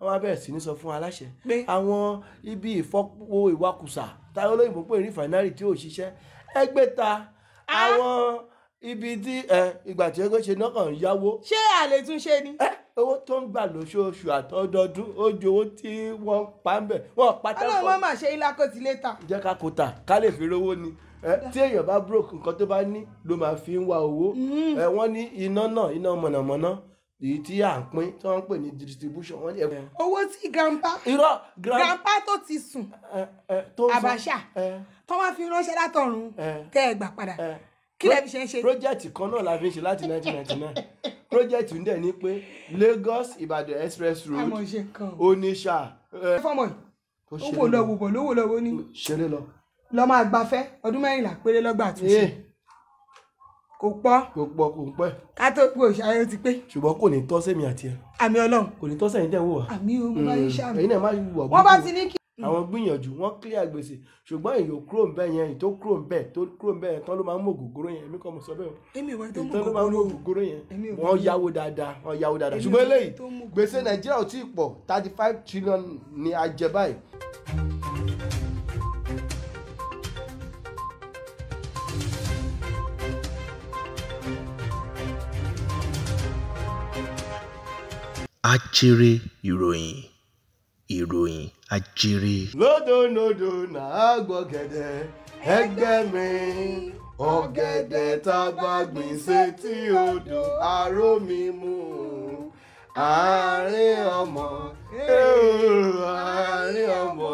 wọ́n wá bẹ̀rẹ̀ sí ní sọ fún aláṣẹ pé àwọn ibi ìfọpo ìwakùsà táwọn olóyìnbó pè ní fàínárì tí ò ṣiṣẹ́ ẹgbẹ́ ta àwọn ibi tí ìgbà tí ó ṣe náà kàn yáwó. ṣé àlè tún ṣe ni. owó tó ń gbà lóṣooṣù àtọdọọdún ó ju owó tí wọ́n pa ń bẹ̀ wọ́n pátá kọ́. ọlọ́run máa ṣe ilá kò tí lè ta. jẹ́ ká kó ta ká lè fi rówó ni tí èèyàn bá broke nǹkan tó bá ní ló máa fi ń wá owó hmm. wọ́n ní iná náà iná mọ̀nàmọ́ná èyí tí à ń pín tí wọ́n ń pè ní distribution wọ́n ní ẹ̀kọ́. owó tí grandpa irọ́ grandpa tó ti sùn àbàṣà eh, eh, eh, tó wọ́n fi ránṣẹ́ látọ̀run kẹ́ ẹ gbà padà kí lè fi ṣe é ṣe. project kan náà la fi ń ṣe láti 1999 project ń dẹ̀ ní pé Lagos Ìbàdàn express road Onisha. fọmọ owó lọ wò bọ̀ lówó lọ wò ní. ṣeré lọ. lọ máa gbafẹ́ ọdún mẹ́rìnlá péré lọ́gbà àtúnṣe kò pọ̀ kò pọ̀ kò pẹ́. ká tó gbé òṣàyẹ ti pé. ṣùgbọ́n kò ní tọ́ sẹ́mi àti ẹ̀. àmì ọlọ́run. kò ní tọ́ sẹ́yìn dẹ̀ wò wá. àmì o mo bá yẹ ṣàmì. ẹ̀yin náà má wù wá. wọ́n bá ti ní kí. àwọn gbìyànjú wọn clear gbèsè ṣùgbọ́n èyí ò kúrò ń bẹ́ yẹn èyí tó kúrò ń bẹ́ tó kúrò ń bẹ́ yẹn tán ló máa ń mú ògógóró yẹn èmi kan mo sọ bẹ́ẹ̀ o. èmi ìwà tó mú ògógóró yẹn wọ́n yáwó dáadáa wọ́n yáwó dáadáa ṣùgbọ́n eléyìí gbèsè Nàìjíríà ò tí ì pọ̀ thirty five trillion ni a jẹ báyìí. ajere ìròyìn ìròyìn ajere. lódòdó náà gbọ́gẹ̀dẹ̀ ẹgbẹ́ mi ọ̀gẹ̀dẹ̀ tá a bá gbìn sétí odò àró mi mú àárín ọmọ àárín ọmọ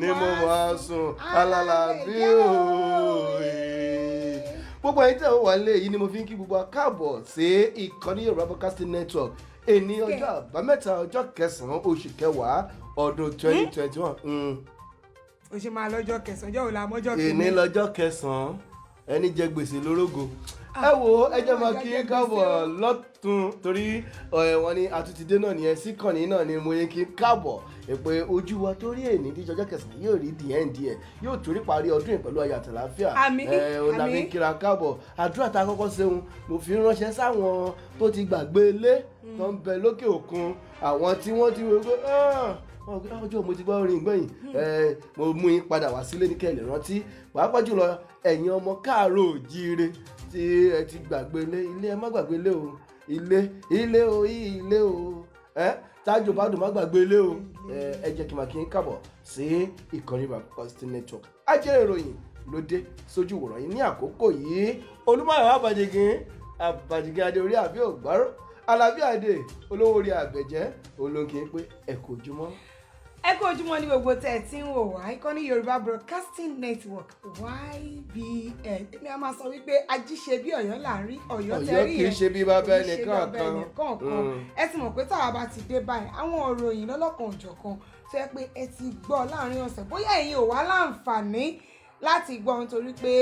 ni mo máa sùn alálàbí òye gbogbo ẹ̀yin tẹ́ ò wà nílé yìí ni mo fi ń kí gbogbo akáàbọ̀ sí ìkànnì Yorùbá Broadcasting Network èní ọjọ́ àbámẹ́ta ọjọ́ kẹsàn-án oṣù kẹwàá ọdún hmm? twenty twenty one. Hmm. o ṣe máa lọ́jọ́ kẹsàn-án ọjọ́ òun la mọ́jọ́ kìíní. èní lọ́jọ́ kẹsàn-án ẹni jẹ gbèsè lórógo ẹ wo ẹ jẹ́ máa kí káàbọ̀ lọ́tún torí ọ̀rẹ́ wọn ni àtúntìdé náà nìyẹn síkànnì náà ni mo yẹ kí káàbọ̀ èpè ojú wa torí èní díjọ ọjọ́ kẹsàn-án yóò rí the end yẹ yóò torí parí ọdún yìí pẹ̀lú ayọ̀ àtàlàáfíà ẹ ò dàbí kíra káàbọ̀ àdúrà tá a kọ́kọ́ ṣeun mo fi ránṣẹ́ sáwọn tó ti gbàgbé ilé mm. tó ń bẹ lókè òkun àwọn tí wọ́n ti ah! wọ́n ah, ọjọ́ mo ti gbọ́ orin gbẹ̀yìn mm. mo mú yín padà wá sílé ní kẹ́lẹ̀ rántí pàápàá jùlọ ẹ̀yin ọmọ káàárọ̀ òjíire tí ẹ ti gbàgbé ilé ilé ẹ má gbàgbé ilé o ilé ilé o ilé o ẹ tájò bá dùn má gbàgbé ilé o ẹ jẹ́ kí n máa kí n kábọ̀ sí ìkànnì Bàbá network ajẹ́rẹ́ ìròyìn ló dé sójú wòrán yìí ní àkókò yìí olúmọ̀ọ́yọ̀ abàjẹ́gìn abàjẹ́gìn adé orí àbí ògbárò alábí àdè olówó orí àbẹ̀jẹ́ olóńgé pé ẹ kò ẹ kú ojúmọ́ ní gbogbo tẹ́ ẹ ti ń wò wá ìkànnì yorùbá broadcasting network ybn èmi a máa sọ wípé ajíṣe bí ọ̀yọ́ là ń rí ọ̀yọ́ tẹ́rí yẹn ọ̀yọ́ kì í ṣe bí bàbá ẹnì kọ̀ọ̀kan mm. ẹ ti mọ̀ pé táwa bá ti dé báyìí àwọn òròyìn lọ́lọ́kan òjọ̀kan tó yẹ pé ẹ ti gbọ́ láàrin ọ̀sẹ̀ bóyá ẹ̀yin ò wá láǹfààní láti gbọ́ nítorí pé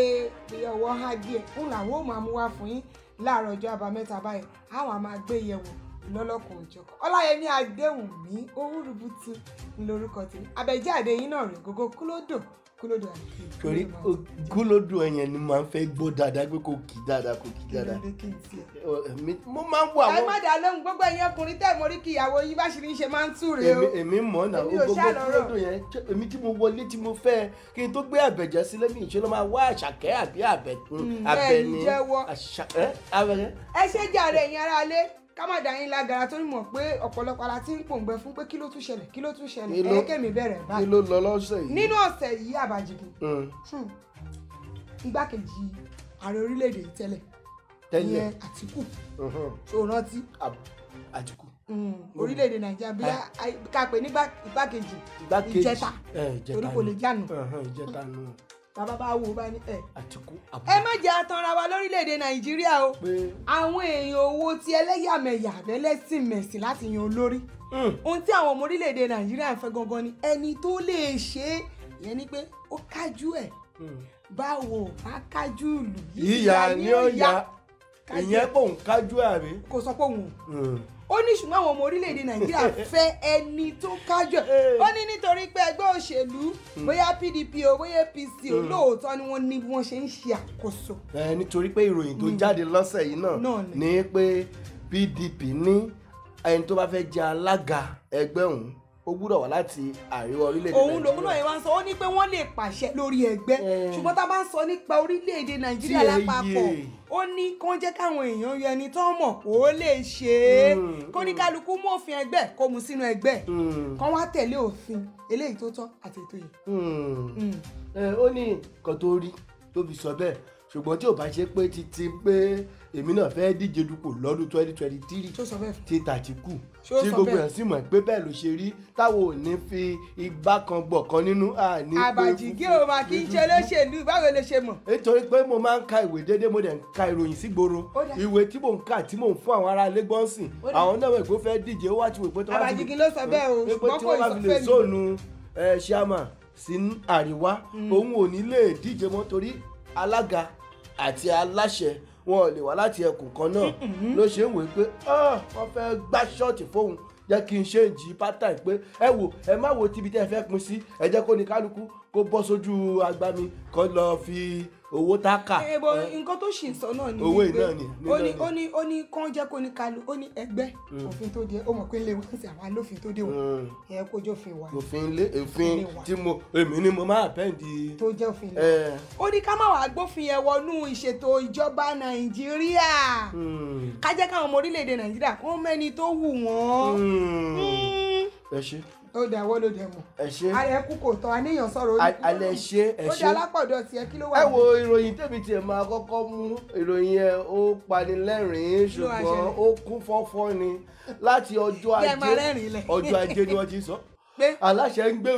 ọwọ́ á díẹ̀ fún làwọn ò máa mú wá fún yín láàárọ̀ ọjọ́ àbámẹ́ta báyìí àwọn á máa gbé yẹ̀wò lọ́lọ́kùn òjọ̀kan ọláyẹmí adéhùnmí owúrúbutu lórúkọ tèmi abẹ́jẹ́ àdéyìn náà rìn gógó kúlódò kúlódò àyè. torí kúlódò ẹ̀yẹn ni màá fẹ́ gbọ́ dáadáa pé kò kí dáadáa kò kí dáadáa. mo máa ń wọ àwọn. ẹ má dà lóhùn gbogbo ẹ̀yin ọkùnrin tẹ̀ mọ́ rí kí ìyàwó yín bá ṣe ní í ṣe máa ń tù rè o. èmi mọ̀ náà gbogbo kúlódò yẹn èmi tí mo wọlé tí mo fẹ́ kí n tó gbé àbẹ̀jẹ́ sílé mi ìṣe ló máa wá àṣàkẹ́ àbí àbẹ̀tún àbẹ̀ni hmm, àṣàkẹ́ àbẹ̀ni. ẹ ká má dá yín lágara torí mọ̀ pé ọ̀pọ̀lọpọ̀ ara ti ń pòǹgbẹ fún pé kí ló tún ṣẹlẹ̀ kí ló tún ṣẹlẹ̀ ẹ̀ẹ́kẹ̀mí bẹ̀rẹ̀ báyìí. kí ló lọ lọ́sẹ̀ yìí. nínú ọ̀sẹ̀ yìí àbàjìkún hmm. hmm. igbákejì ààrẹ orílẹ̀-èdè yìí tẹ́lẹ̀ tẹ́lẹ̀ àtìkù ṣó rántí. àtìkù. Hmm. orílẹ̀-èdè nàìjíríà bí ah. ká pè ní igbákejì eh, ìjẹta torí kò lè jánu bàbá bá wù ú bá ní eh, ẹ. Àtìkú àbúrò. ẹ má jẹ́ atanra wa lórílẹ̀‐èdè Nàìjíríà o. pé àwọn èèyàn owó ti ẹlẹ́yàmẹ̀yà lẹ́lẹ́sìn mẹ̀sìn láti yan olórí. Hmm. ohun tí àwọn ọmọ orílẹ̀‐èdè Nàìjíríà ń fẹ́ gangan ni ẹni tó lè ṣe é ìyẹn ni pé ó kájú ẹ̀ hmm. báwo bá kájú ìlú yíya ni ó ya ìyẹn pòun kájú ẹ̀ rí. kò sọ pé ó ní ṣùgbọ́n àwọn ọmọ orílẹ̀-èdè nàìjíríà fẹ́ ẹni tó kájọ eh. ó ní nítorí pé ẹgbẹ́ òṣèlú hmm. bóyá pdp o bóyá apc o hmm. lóòótọ́ ni wọ́n ní bí wọ́n ṣe ń ṣe àkóso. ẹ eh, nítorí pé ìròyìn tó hmm. jáde lọ́sẹ̀ yìí náà ni pé pdp ní ẹni tó bá fẹ́ jẹ alága ẹgbẹ́ òun ó gbúdọ̀ wá láti àríwá orílẹ̀-èdè nàìjíríà. òun lòun náà yẹn wá ń sọ ó ní pé wọ́n lè pàṣẹ lórí ẹgbẹ́ eh. ṣùgbọ́n tá a bá ń sọ nípa orílẹ̀-èdè nàìjíríà lápapọ̀ ó ní kó jẹ́ káwọn èèyàn yọ ẹni tó mọ̀ kó lè ṣe é hmm, hmm. kó ní kálukú mú òfin ẹgbẹ́ kó mu sínú ẹgbẹ́ hmm. kán wá tẹ̀lé òfin eléyìí tó tọ́ àti ètò yìí. Eh, ó ní nǹkan tó rí tó fi sọ bẹ́ẹ̀ ṣùgbọ́n tí ò bá ṣe pé títí pé èmi náà fẹ́ díje dupò lọ́dún twenty twenty three ti tàtíkù tí gbogbo yẹn sì mọ̀ pé bẹ́ẹ̀ ló ṣe rí táwọn ò ní fi igbá kan gbọ̀ kan nínú àní. àbàjì gé o máa kí n ṣe olóṣèlú báwo lè ṣe mọ̀. nítorí pé mo máa ń ka ìwé déédéé mo dẹ̀ ń ka ìròyìn sígboro ìwé tí mò ń kà tí mò ń fún àwọn ará ilé gbọ́nsìn àwọn náà wẹ̀ pé ó fẹ́ díje ó wá ti wò pé tó bá ti lè sóònù ṣíàmà sí àríwá hmm. òun ò wọn ò lè wá láti ẹkùn kan náà ló ṣe ń wò pé ah, wọ́n fẹ́ gbá ṣọ́ọ̀tì fóun jẹ́ kí n ṣe ń jí pátá pé ẹ wò ẹ má wo tibi tẹ́ ẹ fẹ́ pin sí ẹ jẹ́ kó ní kálukú kó bọ́ sójú agbami kó lọ́ọ́ fi owó tá a kà. ebo eh, eh. nǹkan tó ṣì ń sọ náà ni. owó yìí ni. ó ní ó ní ó ní kán jẹ́ kó ní kalu ó ní ẹgbẹ́ mm. òfin tó dé ó mọ̀ pé ilé wa ń sè àwọn alófin tó dé wọ̀ mm. ẹ kó jẹ́ òfin wa. òfin ilé òfin tí mo èmi ni mo máa bẹ́ẹ̀ di. tó jẹ́ òfin ilé. Eh. ó ní ká má wàá gbófin yẹn wọnú ìṣètò ìjọba nàìjíríà mm. ká jẹ́ káwọn ọmọ orílẹ̀-èdè nàìjíríà kó mẹ́ni tó wù wọ́n. ẹ ṣe ó dà wọ́n ló dẹ̀ mọ̀ ara ẹ kú kò tán àníyàn sọ̀rọ̀ ó dà alẹ́ ṣe ẹ ṣe ó dà alápọ̀dọ̀ tiẹ̀ kí ló wà. ẹ wo ìròyìn tèmi tiẹ̀ máa kọ́kọ́ mú ìròyìn ẹ ó panilẹ́rìn-ín ṣùgbọ́n ó kún fọ́fọ́ ni láti ọjọ́ ajé ọjọ́ ajé ni wọ́n ti sọ aláṣẹ ń gbé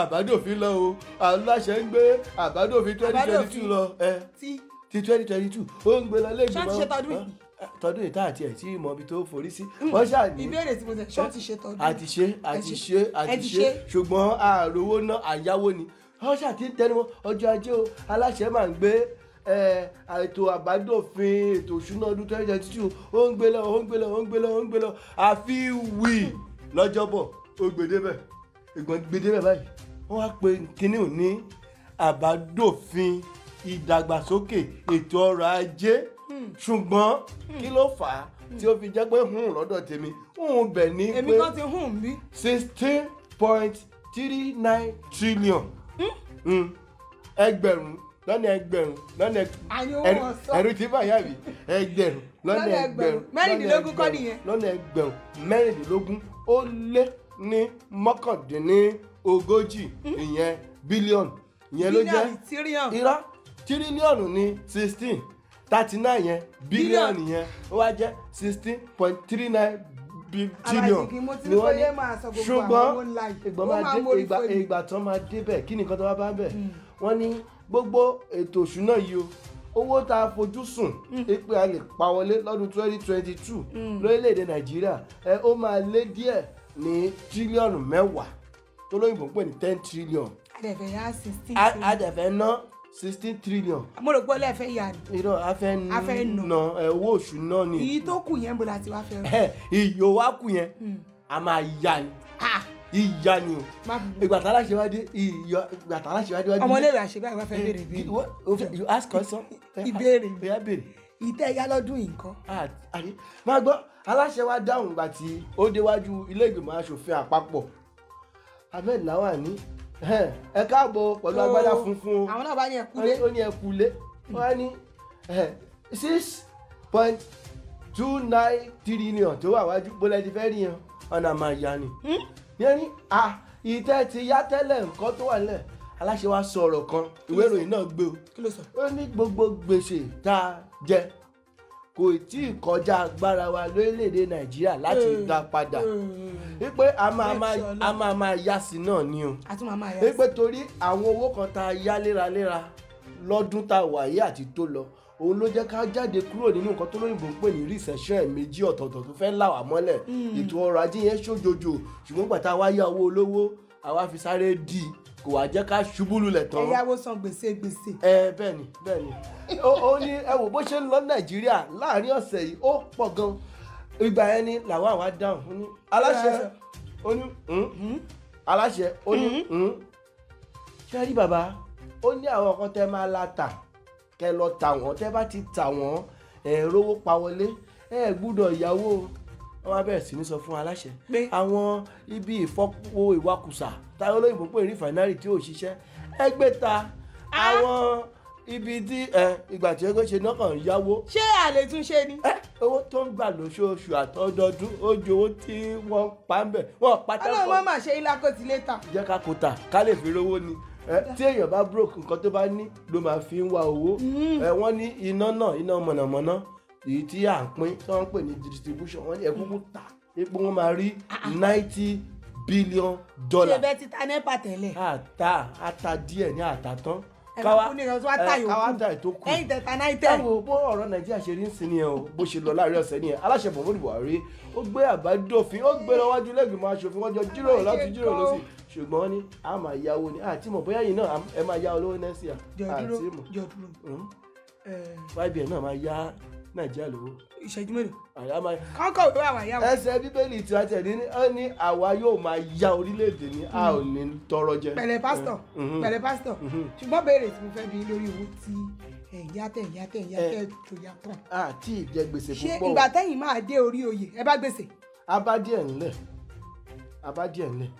àbádòfin lọ o aláṣẹ ń gbé àbádòfin twenty twenty two lọ ti twenty twenty two ó ń gbé lọ lẹ́gbẹ̀ẹ́ tọdún ìta àti ẹ̀ tí mọ ibi tó forí sí. Hmm. wọ́n ṣáà ní ìbéèrè tí mo tẹ̀ ṣọ́ ṣe tọdún. àti ṣe àti ṣe àti ṣe ṣùgbọ́n àròwó náà àyáwó ni wọ́n ṣáà ti ń tẹnu wọn ọjọ́ ajé o aláṣẹ máa ń gbé ètò àbádòfin ètò ìṣúná ọdún twenty twenty two ó ń gbé lọ ó ń gbé lọ ó ń gbé lọ ó ń gbé lọ àfi wì lọ́jọ́bọ̀ ó gbèdébẹ̀ ìgbọ̀n gbèdébẹ̀ báyìí wọ́n á pe kínní ò ní àbádòfin ìdàgbàsókè ètò ọrọ̀ ajé ṣùgbọ́n kí ló fà á tí ó fi jẹ́ pé hun lọ́dọ̀ tèmi hun bẹ̀ ní pé èmi kan ti hun bí. sixteen point three nine trillion hmm? Hmm. ẹgbẹ̀rún lọ́nà ẹgbẹ̀rún lọ́nà ẹ̀rú tí bàyà rí ẹgbẹ̀rún lọ́nà ẹgbẹ̀rún mẹ́rìndínlógún kọ́ nìyẹn lọ́nà ẹgbẹ̀rún mẹ́rìndínlógún ó lé ní mọ́kàndínlógójì hmm? ìyẹn bílíọ̀nù ìyẹn ló jẹ́ irá tírílíọ̀nù ní sixteen thirty nine yẹn bílíọ̀nù yẹn ó wá jẹ́ sixteen point three nine bílíọ̀nù ni wọ́n ní ṣùgbọ́n ìgbà tó máa débẹ̀ kí nìkan tó bá bẹ̀ hmm. wọ́n ní gbogbo ètò òṣùná yìí o owó tá a fojú hmm. a lè pa wọlé lọ́dún twenty twenty two hmm. lórílẹ̀‐èdè nàìjíríà ẹ ó máa lé díẹ̀ ní tírílíọ̀nù mẹ́wàá tó lóyìnbó ń pè ten trillion. adẹ̀fẹ̀ yá adẹ̀fẹ̀ ná sixteen trillion. mo rò pé ọlẹ́ fẹ́ yà ni. irọ́ a fẹ́ nà owó oṣù náà ni. iye tó kù yẹn bó la ti wá fẹ́ rọ. iye wa kù yẹn hmm. a máa yà ni ìyá ni o ìgbà tá a ṣe wá dé ìyá ìgbà tá a ṣe wá dé wá dé. ọmọléèrè àṣebí àgbà fẹ́ béèrè béèrè. you ask question. ìbéèrè ìbéèrè. ìtẹ́ ìyá lọ́dún yìí nǹkan. àti máa gbọ́ aláṣẹ wa dáhùn ìgbà tí ó déwájú ilé ìgbìmọ̀ asòfin àpapọ̀ Ahmed Lawan ní ẹ káàbọ̀ pẹ̀lú agbádá funfun o àwọn náà bá ní ẹ̀kúlé ó ní ẹ̀kúlé wọ́n ní six point two nine trillion tó wà wájú bólẹ̀ ti fẹ́ rí yan ọ̀nà máa yá ni yẹn hmm? ní a ìtẹ́ ti yá tẹ́lẹ̀ nǹkan tó wà nílẹ̀ aláṣẹ wa sọ̀rọ̀ kan ìwé ìròyìn náà gbé o ó ní gbogbo gbèsè tá a jẹ kò tí ì kọjá agbára wa lórílẹ̀‐èdè nàìjíríà láti mm. dá padà mm. wípé a máa a máa máa yá sí náà ni o wípé torí àwọn owó kan tá a yá léraléra lọ́dún tá a wà yìí àti tó lọ òun ló jẹ́ ká jáde kúrò nínú nǹkan tó lóyìnbó ń pè ní recession méjì ọ̀tọ̀ọ̀tọ̀ tó fẹ́ là wá mọ́lẹ̀ mm. ètò ọrọ̀ ajé yẹn ṣòjòjò ṣùgbọ́n gbàtà wá owó olówó àwa fi sáré dì í kò wá jẹ́ ká ṣubú lulẹ̀ tán. ẹ̀yáwó san gbèsè gbèsè. ẹ bẹ́ẹ̀ ni bẹ́ẹ̀ ni ó ní ẹ wò bó ṣe ń lọ nàìjíríà láàrin ọ̀sẹ̀ yìí ó pọ̀ gan ìgbà yẹn ni làwọn àwa dáhùn ó ní aláṣẹ ó ní aláṣẹ ó ní hmm? hmm? ṣẹ́rí hmm? bàbá ó ní àwọn kan tẹ́ máa la tà kẹ́ lọ tà wọ́n tẹ́ bá ti tà wọ́n ẹ̀ rówó pa wọlé ẹ̀ gbúdọ̀ ìyàwó wọ́n wá bẹ̀rẹ̀ sí ní sọ fún aláṣẹ pé àwọn ibi ìfọpo ìwakùsà táwọn olóyìnbó pè rìfànárì tí ò ṣiṣẹ́ ẹgbẹ́ ta àwọn ibi tí ìgbà tí ó ṣe náà kàn yáwó. ṣé àlè tún ṣe ni. owó tó ń gbà lóṣooṣù àtọdọọdún ó ju owó tí wọ́n pa ń bẹ̀ wọ́n pátá pọ̀. ọlọ́run máa ṣe ilá kò tí jẹ́ ká kó tà ká lè fi rówó ni tí èèyàn bá broke nǹkan tó bá ní ló máa fi ń wá owó hmm. wọ́n ní iná náà iná mọ̀nàmọ́ná èyí tí à ń pín tí wọ́n ń pè ní distribution wọ́n ní ẹ̀kúkú ta epo wọn máa rí ah, ah. ninety billion dollar. ṣe bẹ́ẹ̀ ti ta nepa tẹ́lẹ̀. ata ata díẹ̀ ní ata tán káwá káwá ta ìtókù ẹ̀yìn tẹta náà tẹ. táwọn bó ọ̀rọ̀ nàìjíríà ṣe rí ń sin nìyẹn o bó ṣe lọ láàrin ọ̀sẹ̀ nìyẹn aláṣẹ Muhammadu Buhari ó gbé àbádòfin ó gbé lọ́wọ́dún lẹ́gbẹ̀mọ́ aṣòfin wọ́n jọ jíròrò láti jíròrò lọ sí ṣùgbọ́n ní a máa yáwó ni àti mọ̀ bóyá yìí náà ẹ máa yá olówó nẹ́sì à àti mọ̀ jọ̀dúró jọ̀dúró. fáìbì ẹ̀ náà máa yá nàìjíríà lówó. ìṣẹ́jú mélòó. àyà máa. kọ́ńkọ́ òwe àwa yá wa. ẹsẹ̀ bíbélì tí wọ́n tẹ̀lé ní ọ́ ní àwa yóò máa ya orílẹ̀-èdè ní a ò ní tọrọ jẹ. pẹ̀lẹ́ pásítọ̀ mm-hmm. Mm-hmm. pẹ̀lẹ́ pásítọ̀ mm-hmm. ṣùgbọ́n béèrè tí mo fẹ́ bi lórí owó tí ẹ̀yà tẹ̀ ẹ̀yà tẹ̀ ẹ̀yà eh. tẹ̀ tó yà tán. àti ìjẹ gbèsè púpọ̀. ṣé ìgbà tẹ́yìn máa dé orí oyè ẹ bá gbèsè. abá díẹ̀ ńlẹ̀ abá díẹ̀ ńlẹ̀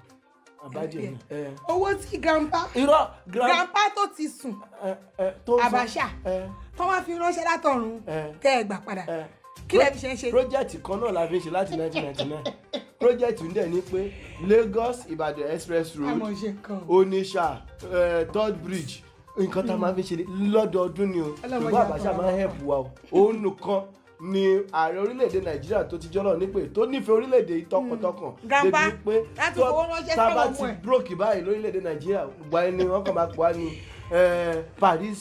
owó tí grandpa grandpa tó ti sùn Abacha tó wá fi ránṣẹ́ látọ̀run tẹ́ ẹ gbà padà kí lẹ́ẹ̀ fi ṣe ń ṣe. project kan náà la fi ṣe láti nineteen project ń dẹ̀ ní pé Lagos Ìbàdàn express road Onisha, third bridge nǹkan tá a máa fi ṣe lọ́dọọdún ni o ṣùgbọ́n Abacha máa ń help wa o òun nìkan ni ààrẹ orílẹ̀-èdè nàìjíríà tó ti jọ́lọ̀ nípè tó nífẹ̀ẹ́ orílẹ̀-èdè yìí tọkàntọkàn mm. débi pé tó sábà ti brókì báyìí lórílẹ̀-èdè nàìjíríà gba ẹni wọn kàn máa pọ̀ á ní paris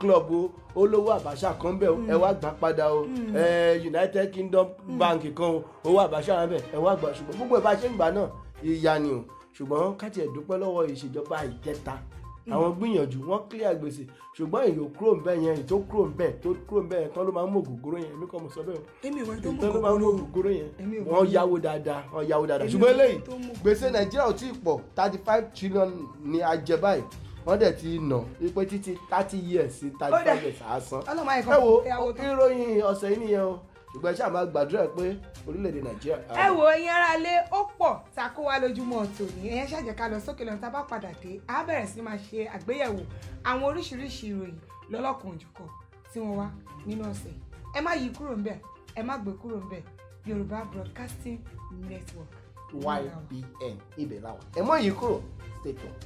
club o olówó àbáṣà kan bẹ ẹ mm. wá gbà padà o mm. united kingdom bank kan o owó àbáṣà rẹ bẹ ẹ wá gbà ṣùgbọ́n gbogbo ẹ bá ṣe ń gbà náà ìyá ni o ṣùgbọ́n ká tiẹ̀ dúpẹ́ lọ́wọ́ ìṣèjọba ìjẹta àwọn gbìyànjú wọ́n clear gbèsè ṣùgbọ́n èyí ò kúrò nbẹ yẹn èyí tó kúrò nbẹ tó kúrò nbẹ yẹn tán ló máa ń mú ògógóró yẹn èmi kò mọ̀ sọ bẹ́ẹ̀ o èmi ìwé tó mú ògógóró yẹn wọ́n yáwó dáadáa wọ́n yáwó dáadáa ṣùgbọ́n eléyìí gbèsè nàìjíríà ò tí ì thirty five trillion ni a jẹ báyìí wọ́n dẹ̀ ti nà wípé títí thirty years sí thirty five years àásán ẹ wo ìròyìn ọ̀sẹ̀ yìí nìyẹn o ṣùgbọ́n ẹ ṣáà máa gbàdúrà pé orílẹ̀-èdè nàìjíríà. ẹ wo ẹ̀yin ará lé ó pọ̀ tá a kó wá lójúmọ́ tòní ẹ̀yin ṣàjẹ́ ká lọ sókè lọ́nà tá a bá padà dé a bẹ̀rẹ̀ sí máa ṣe àgbéyẹ̀wò àwọn oríṣiríṣi ìròyìn lọ́lọ́kanòjọ̀kan tí wọ́n wá nínú ọ̀sẹ̀ ẹ má yí kúrò ńbẹ̀ ẹ má gbé kúrò ńbẹ̀ yorùbá broadcasting network. ybn ibẹ̀ làwọn ẹ mọ̀ yí kúrò stay tuned.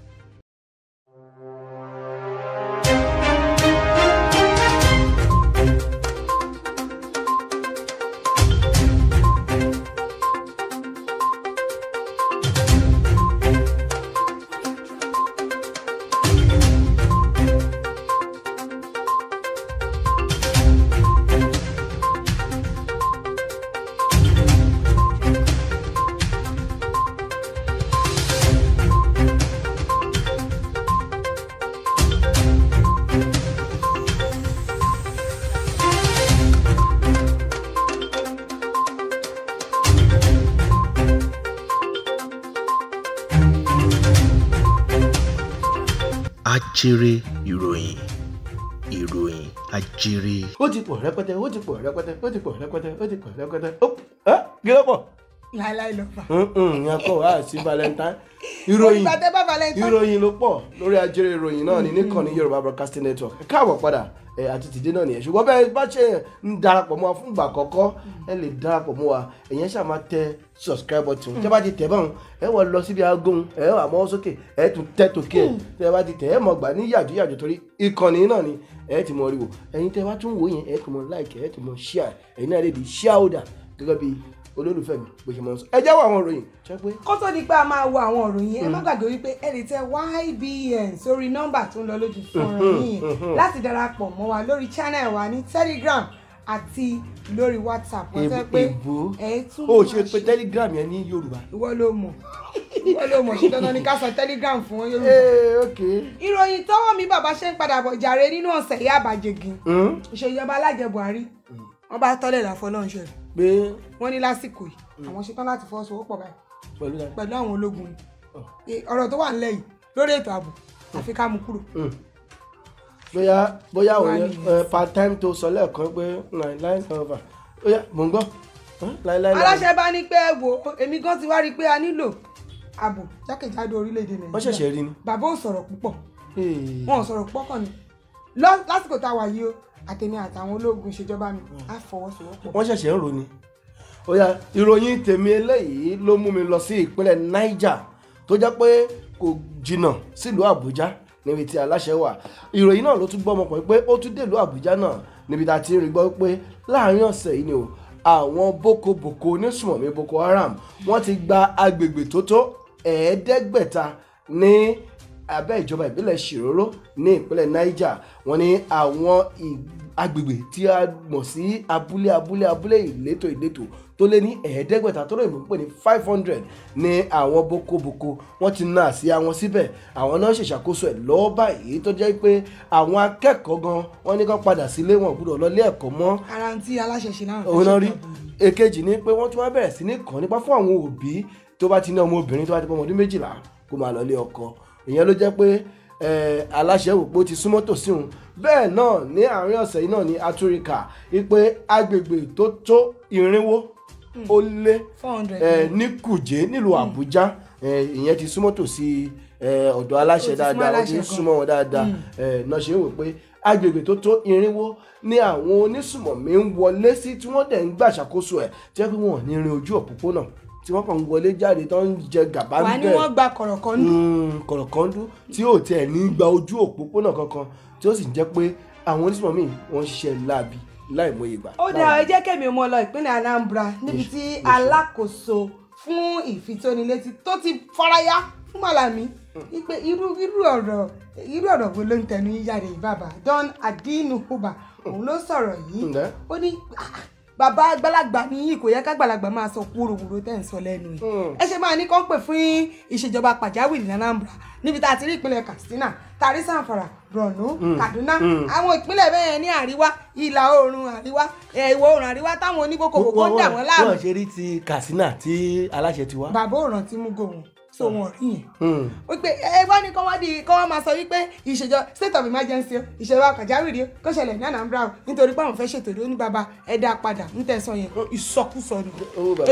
ajere ìròyìn ìròyìn ajere. ó ti pọ̀ rẹpẹtẹ ó ti pọ̀ rẹpẹtẹ ó ti pọ̀ rẹpẹtẹ ó ti pọ̀ rẹpẹtẹ ó ẹ́ kí ló pọ̀ láíláí ló fà. ìyẹn kọ wá sí valentine ìròyìn ìròyìn ló pọ̀ lórí ajere ìròyìn náà ní nìkànnì yorùbá broadcasting network ẹ káàbọ̀ padà ẹ àti tìdé náà nìyẹn ṣùgbọ́n bẹ́ẹ̀ bá ṣe ń darapọ̀ mọ́ wa fún ìgbà àkọ́kọ́ ẹ lè darapọ̀ mọ́ wa ẹ̀yẹn ṣáà máa tẹ subscribe button tẹ́ bá ti tẹ̀ báwọn ẹ wọ lọ síbi aago ẹ wà mọ́ sókè ẹ tún tẹ́ tòkè ẹ tẹ́ bá ti tẹ̀ ẹ mọ̀ gbà ní yàjò yàjò torí ìkànnì náà ni ẹ ti mọ̀ rí wò ẹ̀yin bá tún wò yẹn ẹ tún mọ̀ like ẹ tún mọ̀ share ẹ̀yin náà lè di shareholder gẹ́gẹ́ bíi olólùfẹ́ mi bó ṣe mọ̀ ń sọ ẹ jẹ́ wọ àwọn ìròyìn. kó tó di pé a máa wo àwọn ìròyìn ẹ má mm. gbàgbé wípé ẹ lè tẹ YBN sórí nọ́mbà tó ń lọ lójú fọ́nrán yìí láti darapọ̀ mọ́ wa lórí channel wa ní Telegram àti lórí WhatsApp wọn sọ pé ẹ tún máa ṣe o ṣe pé Telegram yẹn ní Yorùbá. ìwọ ló mọ ìwọ ló mọ ṣe dandan ni ká sọ Telegram fún wọn Yorùbá. Eh, ìròyìn tọ́wọ́ mi bàbá ṣe ń padà bọ̀ jàre nínú ọ̀sẹ̀ yìí àbàjẹgì hmm? ìṣèjọba alájẹ Buhari hmm. wọn bá tọ́lẹ̀ làfọ́ náà ṣẹlẹ̀ pé. wọ́n ní lásìkò yìí mm. àwọn ṣetán láti fọwọ́sowọ́pọ̀ báyìí pẹ̀lú àwọn ológun oh. ọ̀rọ̀ tó wà nílẹ̀ yìí lórí ètò ààbò mm. àfi ká mú kúrò. Mm. bóyá bóyá òun part time tó sọ lẹ́ẹ̀kan pé line over bóyá mò ń gbọ́. aláṣẹ bá ní pé ẹ wo èmi gan ti wá rí i pé a nílò ààbò jákèjádò orílẹ̀-èdè nàìjíríà wọ́n ṣẹ̀ṣẹ̀ rí ni. bàbá ò sọ̀rọ̀ púpọ̀ wọn ò sọ̀rọ̀ púpọ̀ kàn ní lásìkò tá a wà yìí o àtẹ̀mí àtàwọn ológun ìṣèjọba mi á fọwọ́sowọ́pọ̀. wọ́n ṣẹ̀ṣẹ̀ ń rò ni ó yá ìròyìn tèmi eléyìí ló mú mi lọ sí ìpínlẹ̀ Niger tó jẹ́ pé kò jìnnà sílùú Àbújá níbi tí aláṣẹ wà ìròyìn náà ló tún gbọ́ ọmọkùnrin pé ó tún dèlú Àbújá náà níbi tá a ti rí gbọ́ pé láàárín ọ̀sẹ̀ yìí ni o àwọn boko boko onísùmọ̀mí Boko Haram wọ́n ti gba agbègbè tó tó ẹ̀ẹ́dẹ́gbẹ̀ta ní abẹ́ ìjọba ìbílẹ̀ ṣìróró ní ìpínlẹ̀ Niger wọ́n ní àwọn ìgbà agbègbè tí a mọ̀ sí abúlé abúlé abúlé ìletò ìletò tó lé ní ẹ̀ẹ́dẹ́gbẹ̀ta tó lóyìnbó pè ní five hundred ní àwọn bokoboko wọ́n ti na àsíá wọn síbẹ̀ àwọn náà ṣèṣàkóso ẹ̀ lọ́wọ́ báyìí tó jẹ́ pé àwọn akẹ́kọ̀ọ́ gan wọ́n ní kán padà sílé wọn gbúdọ̀ lọ lé ẹ̀kọ́ mọ́. ara ń tí aláṣẹṣe náà fẹ́ ṣe náà rí èkejì ni pé wọ́n tún wá bẹ̀rẹ̀ sí ní kàn nípa fún àwọn òbí tó bá ti ní ọmọ obìnrin tó bá ti pọ́ ọmọdún méjìlá kó máa lọ lé ọkọ ìyẹn ló jẹ́ pé aláṣẹ wò pé ó ti súnmọ́ tòsí òun bẹ́ẹ̀ náà ní àárín ọ̀sẹ̀ yìí náà ni atúrìkà ipe agbègbè tó tó irinwó hmm. ó lé eh, ní kùjé nílùú hmm. àbújá eh, ìyẹn ti súnmọ́ tòsí eh, ọ̀dọ̀ aláṣẹ dáadáa ó ti súnmọ́ wọn dáadáa hmm. náà ṣe ń wò pé agbègbè tó tó irinwó ni àwọn onísùmọ̀mí ń wọlé sí tí wọ́n dẹ̀ ń gbà ṣàkóso ẹ̀ tí wọ́n wọ̀n ní irin ojú òpópónà tí wọ́n kàn ń wọlé jáde tó ń jẹ gàba ń bẹ̀ wà ní wọ́n gba kọ̀rọ̀kọ́ndú kọ̀rọ̀kọ́ndú tí ò tẹ̀ ní gba ojú òpópónà kankan tí ó sì jẹ́ pé àwọn oníṣòwò míì wọ́n ṣiṣẹ́ láabi láì mọ ìgbà. ó dáa ẹ jẹ́ kẹ́mi ọmọ lọ ìpínlẹ̀ Anambra níbi tí alákòóso fún ìfitónilétí tó ti faraya fún Malami mm. ipe irú irú ọ̀rọ̀ irú ọ̀rọ̀ wo ló ń tẹnu yín jáde yìí bàbá Don Adinu Uba mm. òun ló sọ̀rọ̀ yìí ó ní ah, ah, bàbá àgbàlagbà ni yìí kò yẹ kágbàlagbà máa sọ wúrowúro tẹ̀ ń sọ lẹ́nu yìí mm. ẹ ṣe máa ní kó ń pè fún ìṣèjọba pàjáwìrì ní Anambra níbi tá a ti rí ìpínlẹ̀ Katsina tá a rí Sanfara borno mm. mm. kaduna mm. àwọn ìpínlẹ̀ bẹ́ẹ̀ ní àríwá ìlà oòrùn àríwá ìwọ̀ oòrùn àríwá táwọn oníkókò kò ń dà wọ́n láàmú. wọ́n ṣe rí ti katsina tí aláṣẹ ti wá. bàbá òràn ti mú gòun so wọn rí yẹn. Hmm. wípé ẹ wá ní kọ́ wá di kọ́ wá máa sọ wípé ìṣèjọ state of emergency o ìṣèjọba kàjáwìrì o kó ṣẹlẹ̀ ní Anambra o nítorí pé àwọn fẹ́ ṣètò ìlú oníbàbà ẹ dá padà ń tẹ̀sán yẹn hmm. ìsọkúsọ ni.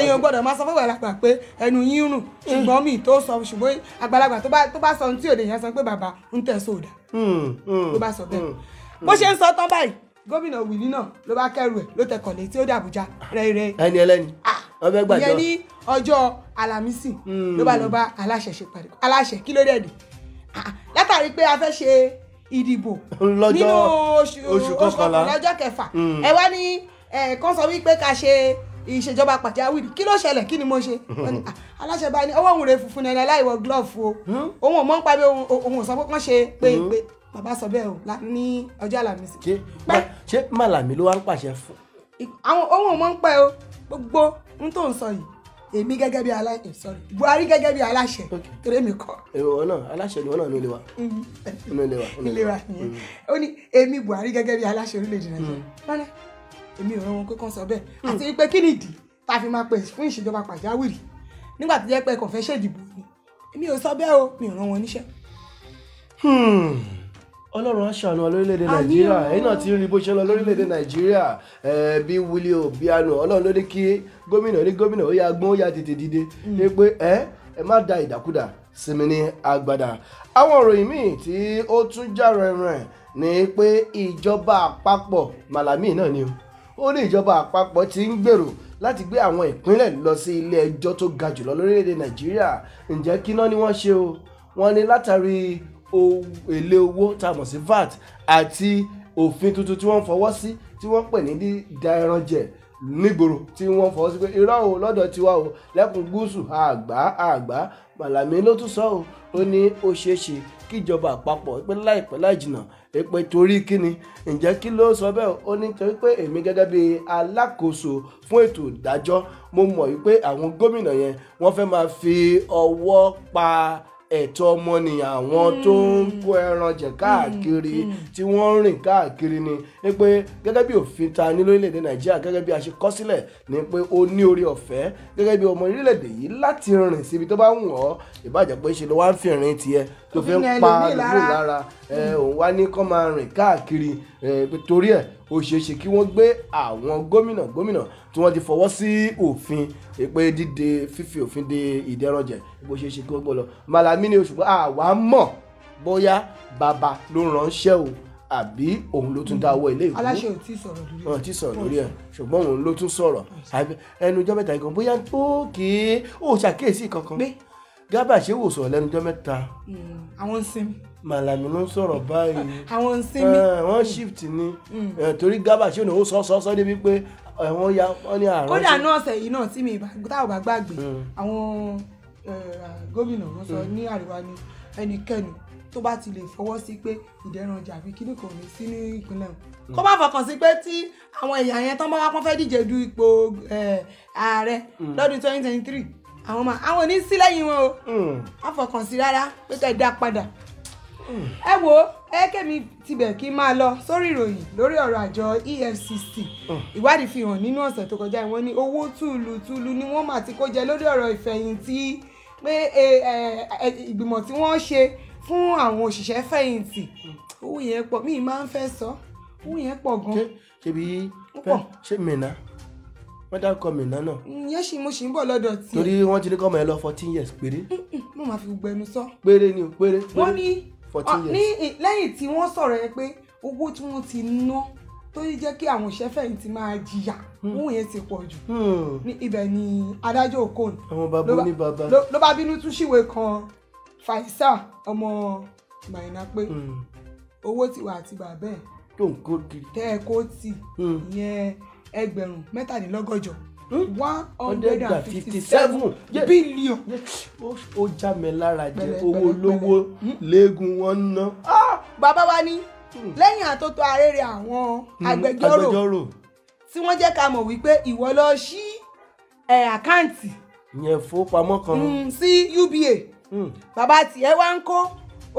èèyàn gbọ́dọ̀ máa sọ fún àgbàlagbà pé ẹnu yín rùn ṣùgbọ́n mi tó sọ ṣùgbọ́n àgbàlagbà tó bá sọ ohun tí òde yẹn sọ pé bàbá ń tẹ̀sán òdà ló hmm, bá sọ bẹ́ẹ̀ bó ṣe ń sọ tán báyìí gómìnà wìlí náà ló bá kẹrù ẹ̀ ló tẹkọ̀ létí ó dé Àbújá rẹ́rẹ́ ẹni ẹlẹ́ni ah ìyẹn ní ọjọ́ alámísì hmm. ló bá lọ bá aláṣẹ ṣe pàdé aláṣẹ kí ló dẹ̀ dì ah, látàrí pé a fẹ́ ṣe ìdìbò nínú oṣù kọkànlá lọ́jọ́ kẹfà hmm. ẹ wá ní ẹ̀ẹ̀kan sọ wípé ká ṣe ìṣèjọba pàjáwìrì kí ló ṣẹlẹ̀ kí ni mo ṣe ah, aláṣẹ bá ní ọwọ́ òun rè funfun nẹ̀rẹ̀ láìwọ gílọ́ọ̀fù o hmm? òun ò mọ̀ ń bí òun ò sọ pé kán ṣe pé pé bàbá sọ bẹ́ẹ̀ o ní ọjọ́ àlàmísì. ṣé màlàmí ló wá ń pàṣẹ fún. àwọn ohun ò mọ̀ ń pẹ́ o gbogbo n tó ń sọ yìí èmi gẹ́gẹ́ bí aláṣẹ eh, sorry Buhari gẹ́gẹ́ bí aláṣẹ torí mi kọ́. Eh, ìwọ náà aláṣẹ ni wọn náà ní ilé wa. Mm-hmm. ní ilé wa ilé wa yẹn mm-hmm. ó ní èmi Buhari gẹ́gẹ́ bí aláṣẹ orílẹ̀-èdè Nàìjíríà rárá mm-hmm. èmi ò rán wọn pé kán sọ bẹ́ẹ̀ mm. àti pé kí ni ìdí tá a fi máa pè fún ìṣèjọba pàjáwìrì nígbà tó jẹ́ pé kò fẹ́ ṣèdìbò ni èmi ò sọ bẹ́ẹ̀ o mi ò rán wọn níṣẹ́. Hmm. Ọlọ́run á ṣàánú lórílẹ̀‐èdè Nàìjíríà ẹ̀yin náà ti rí bó ṣe lọ lórílẹ̀‐èdè Nàìjíríà eh, bí wúlé òbí àná Ọlọ́run ló ní kí gómìnà rí gómìnà ó yá gbọ́n ó yá tètè dìde ẹ mm. pé ẹ ẹ má da ìdàkúdà sinmi ní agbada àwọn òròyìn míì tí ó tún já rẹ̀rẹ̀ ni pé ìjọba àpapọ̀ màlámì náà ni ó ní ìjọba àpapọ̀ ti ń gbèrò láti gbé àwọn ìpínlẹ̀ lọ sí ilé ẹjọ́ tó ga jùlọ lórílẹ̀‐èdè nàìjíríà ǹjẹ́ kíná ni wọ́n ṣe o wọ́n ní látàrí èlé owó tá a mọ̀ sí vat àti òfin tuntun tí wọ́n fọwọ́ sí tí wọ́n pè ní dídá ẹran nígboro tí wọ́n fọwọ́ sí pé irọ́ o lọ́dọ̀ tiwa o lẹ́kùn gúúsù àgbà àgbà màlàmí ló tún sọ o ó ní ó ṣeé ṣe kíjọba àpapọ̀ pé láìpẹ́ láìjìnà èpè torí kíni ǹjẹ́ kí ló sọ bẹ́ẹ̀ ó ní torí pé èmi gẹ́gẹ́ bí alákòóso fún ètò ìdájọ́ mo mọ̀ wípé àwọn gómìnà yẹn wọ́n fẹ́ máa fi ọwọ́ pa ẹ̀tọ́ ọmọnìyàn àwọn tó ń hmm. kó ẹran jẹ hmm. káàkiri hmm. tí wọ́n ń rìn káàkiri ni ni pé gẹ́gẹ́ bí òfin ta ní lórílẹ̀‐èdè nàìjíríà gẹ́gẹ́ bí a ṣe kọ́ sílẹ̀ ni pé o ní orí ọ̀fẹ́ gẹ́gẹ́ bí ọmọ orílẹ̀‐èdè yìí láti rìn síbi tó bá wù ọ́ ìbàjẹ́ pé ṣe ló wá ń fi rìn tiẹ̀ tó fi ń pa lòlò lára òun wá ní kó máa rìn káàkiri torí ẹ̀ ó ṣeé ṣe kí wọ́n gbé àwọn gómìnà gómìnà tí wọ́n ti fọwọ́ sí òfin pé dídè fífi òfin de ìdẹ́rọ̀jẹ̀ bó ṣeé ṣe kí wọ́n gbọ́ lọ Malami ni ṣùgbọ́n àwa mọ̀ bóyá bàbá ló ránṣẹ́ o àbí òun ló tún dáwọ́ ilé ìwé aláṣẹ ò tí sọ̀rọ̀ lórí ẹ̀ ọ̀ tí sọ̀rọ̀ lórí ẹ̀ ṣùgbọ́n òun ló tún sọ̀rọ̀ ẹnu ìjọba ìtàgé bóyá tó kì í ó ṣàkíyèsí kankan gábà ṣé wò sọ̀rọ̀ lẹ́nujọ́ mẹ́ta. Mm, àwọn ń sinmi. màlàmí ló ń sọ̀rọ̀ báyìí. àwọn ń sinmi. Eh, wọ́n shift ni mm. eh, torí gábà ṣé òun ò sọ sọ sọ débi pé àwọn eh, ya wọ́n ní àrùn. kódà náà ọ̀sẹ̀ yìí náà tí mi táwọn bá gbàgbé mm. àwọn gómìnà wọn sọ ní àríwá ni ẹnikẹ́ni tó bá ti lè fọwọ́ sí pé ìdẹ́ranjà àbí kíní kò ní sí ní ìpínlẹ̀ ọ̀hún. kó bá fọkàn sí pé tí àwọn èèyàn yẹn tán bá wá pọ́n fẹ́ díje du ipò ààrẹ lọ́dún twenty twenty three àwọn ọmọ àwọn ní sí lẹ́yìn wọn o wọ́n hmm. fọkàn sí rárá pé kẹ́ ẹ dá padà hmm. ẹ wo ẹ kẹ́mi tibẹ̀ kí n máa lọ sórí ìròyìn lórí ọ̀rọ̀ àjọ EFCC hmm. ìwádìí fi hàn nínú ọ̀sẹ̀ tó kọjá ìwọ́n ní owó túlùtúlù ni wọ́n mà ti kó jẹ lórí ọ̀rọ̀ ìfẹ̀yìntì pé e, e, e, ìgbìmọ̀ tí wọ́n ṣe fún àwọn òṣìṣẹ́ fẹ̀yìntì owó yẹn pọ̀ míì máa ń fẹ́ sọ owó yẹn pọ̀ gan-an. ṣé bí ṣé mìíràn wọ́n dárúkọ mi náà náà. ìyẹn ṣì mo ṣì ń bọ̀ lọ́dọ̀ tí. torí wọ́n ti ní kọ́mọ ẹ lọ fourteen years péré. Mm, mm, mo máa fi gbẹnu sọ. péré ni o péré. wọ́n ní ah, ní lẹ́yìn tí wọ́n sọ̀rọ̀ yẹn pé owó tí wọ́n ti ná tó yí jẹ́ kí àwọn òṣìṣẹ́ fẹ̀yìntì máa jìyà òun hmm. yẹn ti pọ̀ jù hmm. ní ibẹ̀ ni adájọ́ okon ló bá bínú tún ṣìwé kan Faisal ọmọ Maina pé hmm. owó tiwa àti bàbá ẹ̀ tẹ́ ẹ kó tì ìyẹn ẹgbẹ̀rún mẹ́tàdínlọ́gọ́jọ hmm? one hundred and fifty seven billion. ó já mi lára jẹ owó olówó hmm? léegun wọn ná. Ah, bàbá wa ní hmm. lẹ́yìn àtótó arére àwọn agbẹjọ́rò tí wọ́n jẹ́ ká mọ̀ wípé ìwọ lọ sí àkáǹtì. yẹn fowópamọ́ kan. sí uba bàbá tiẹ̀ wá ń kó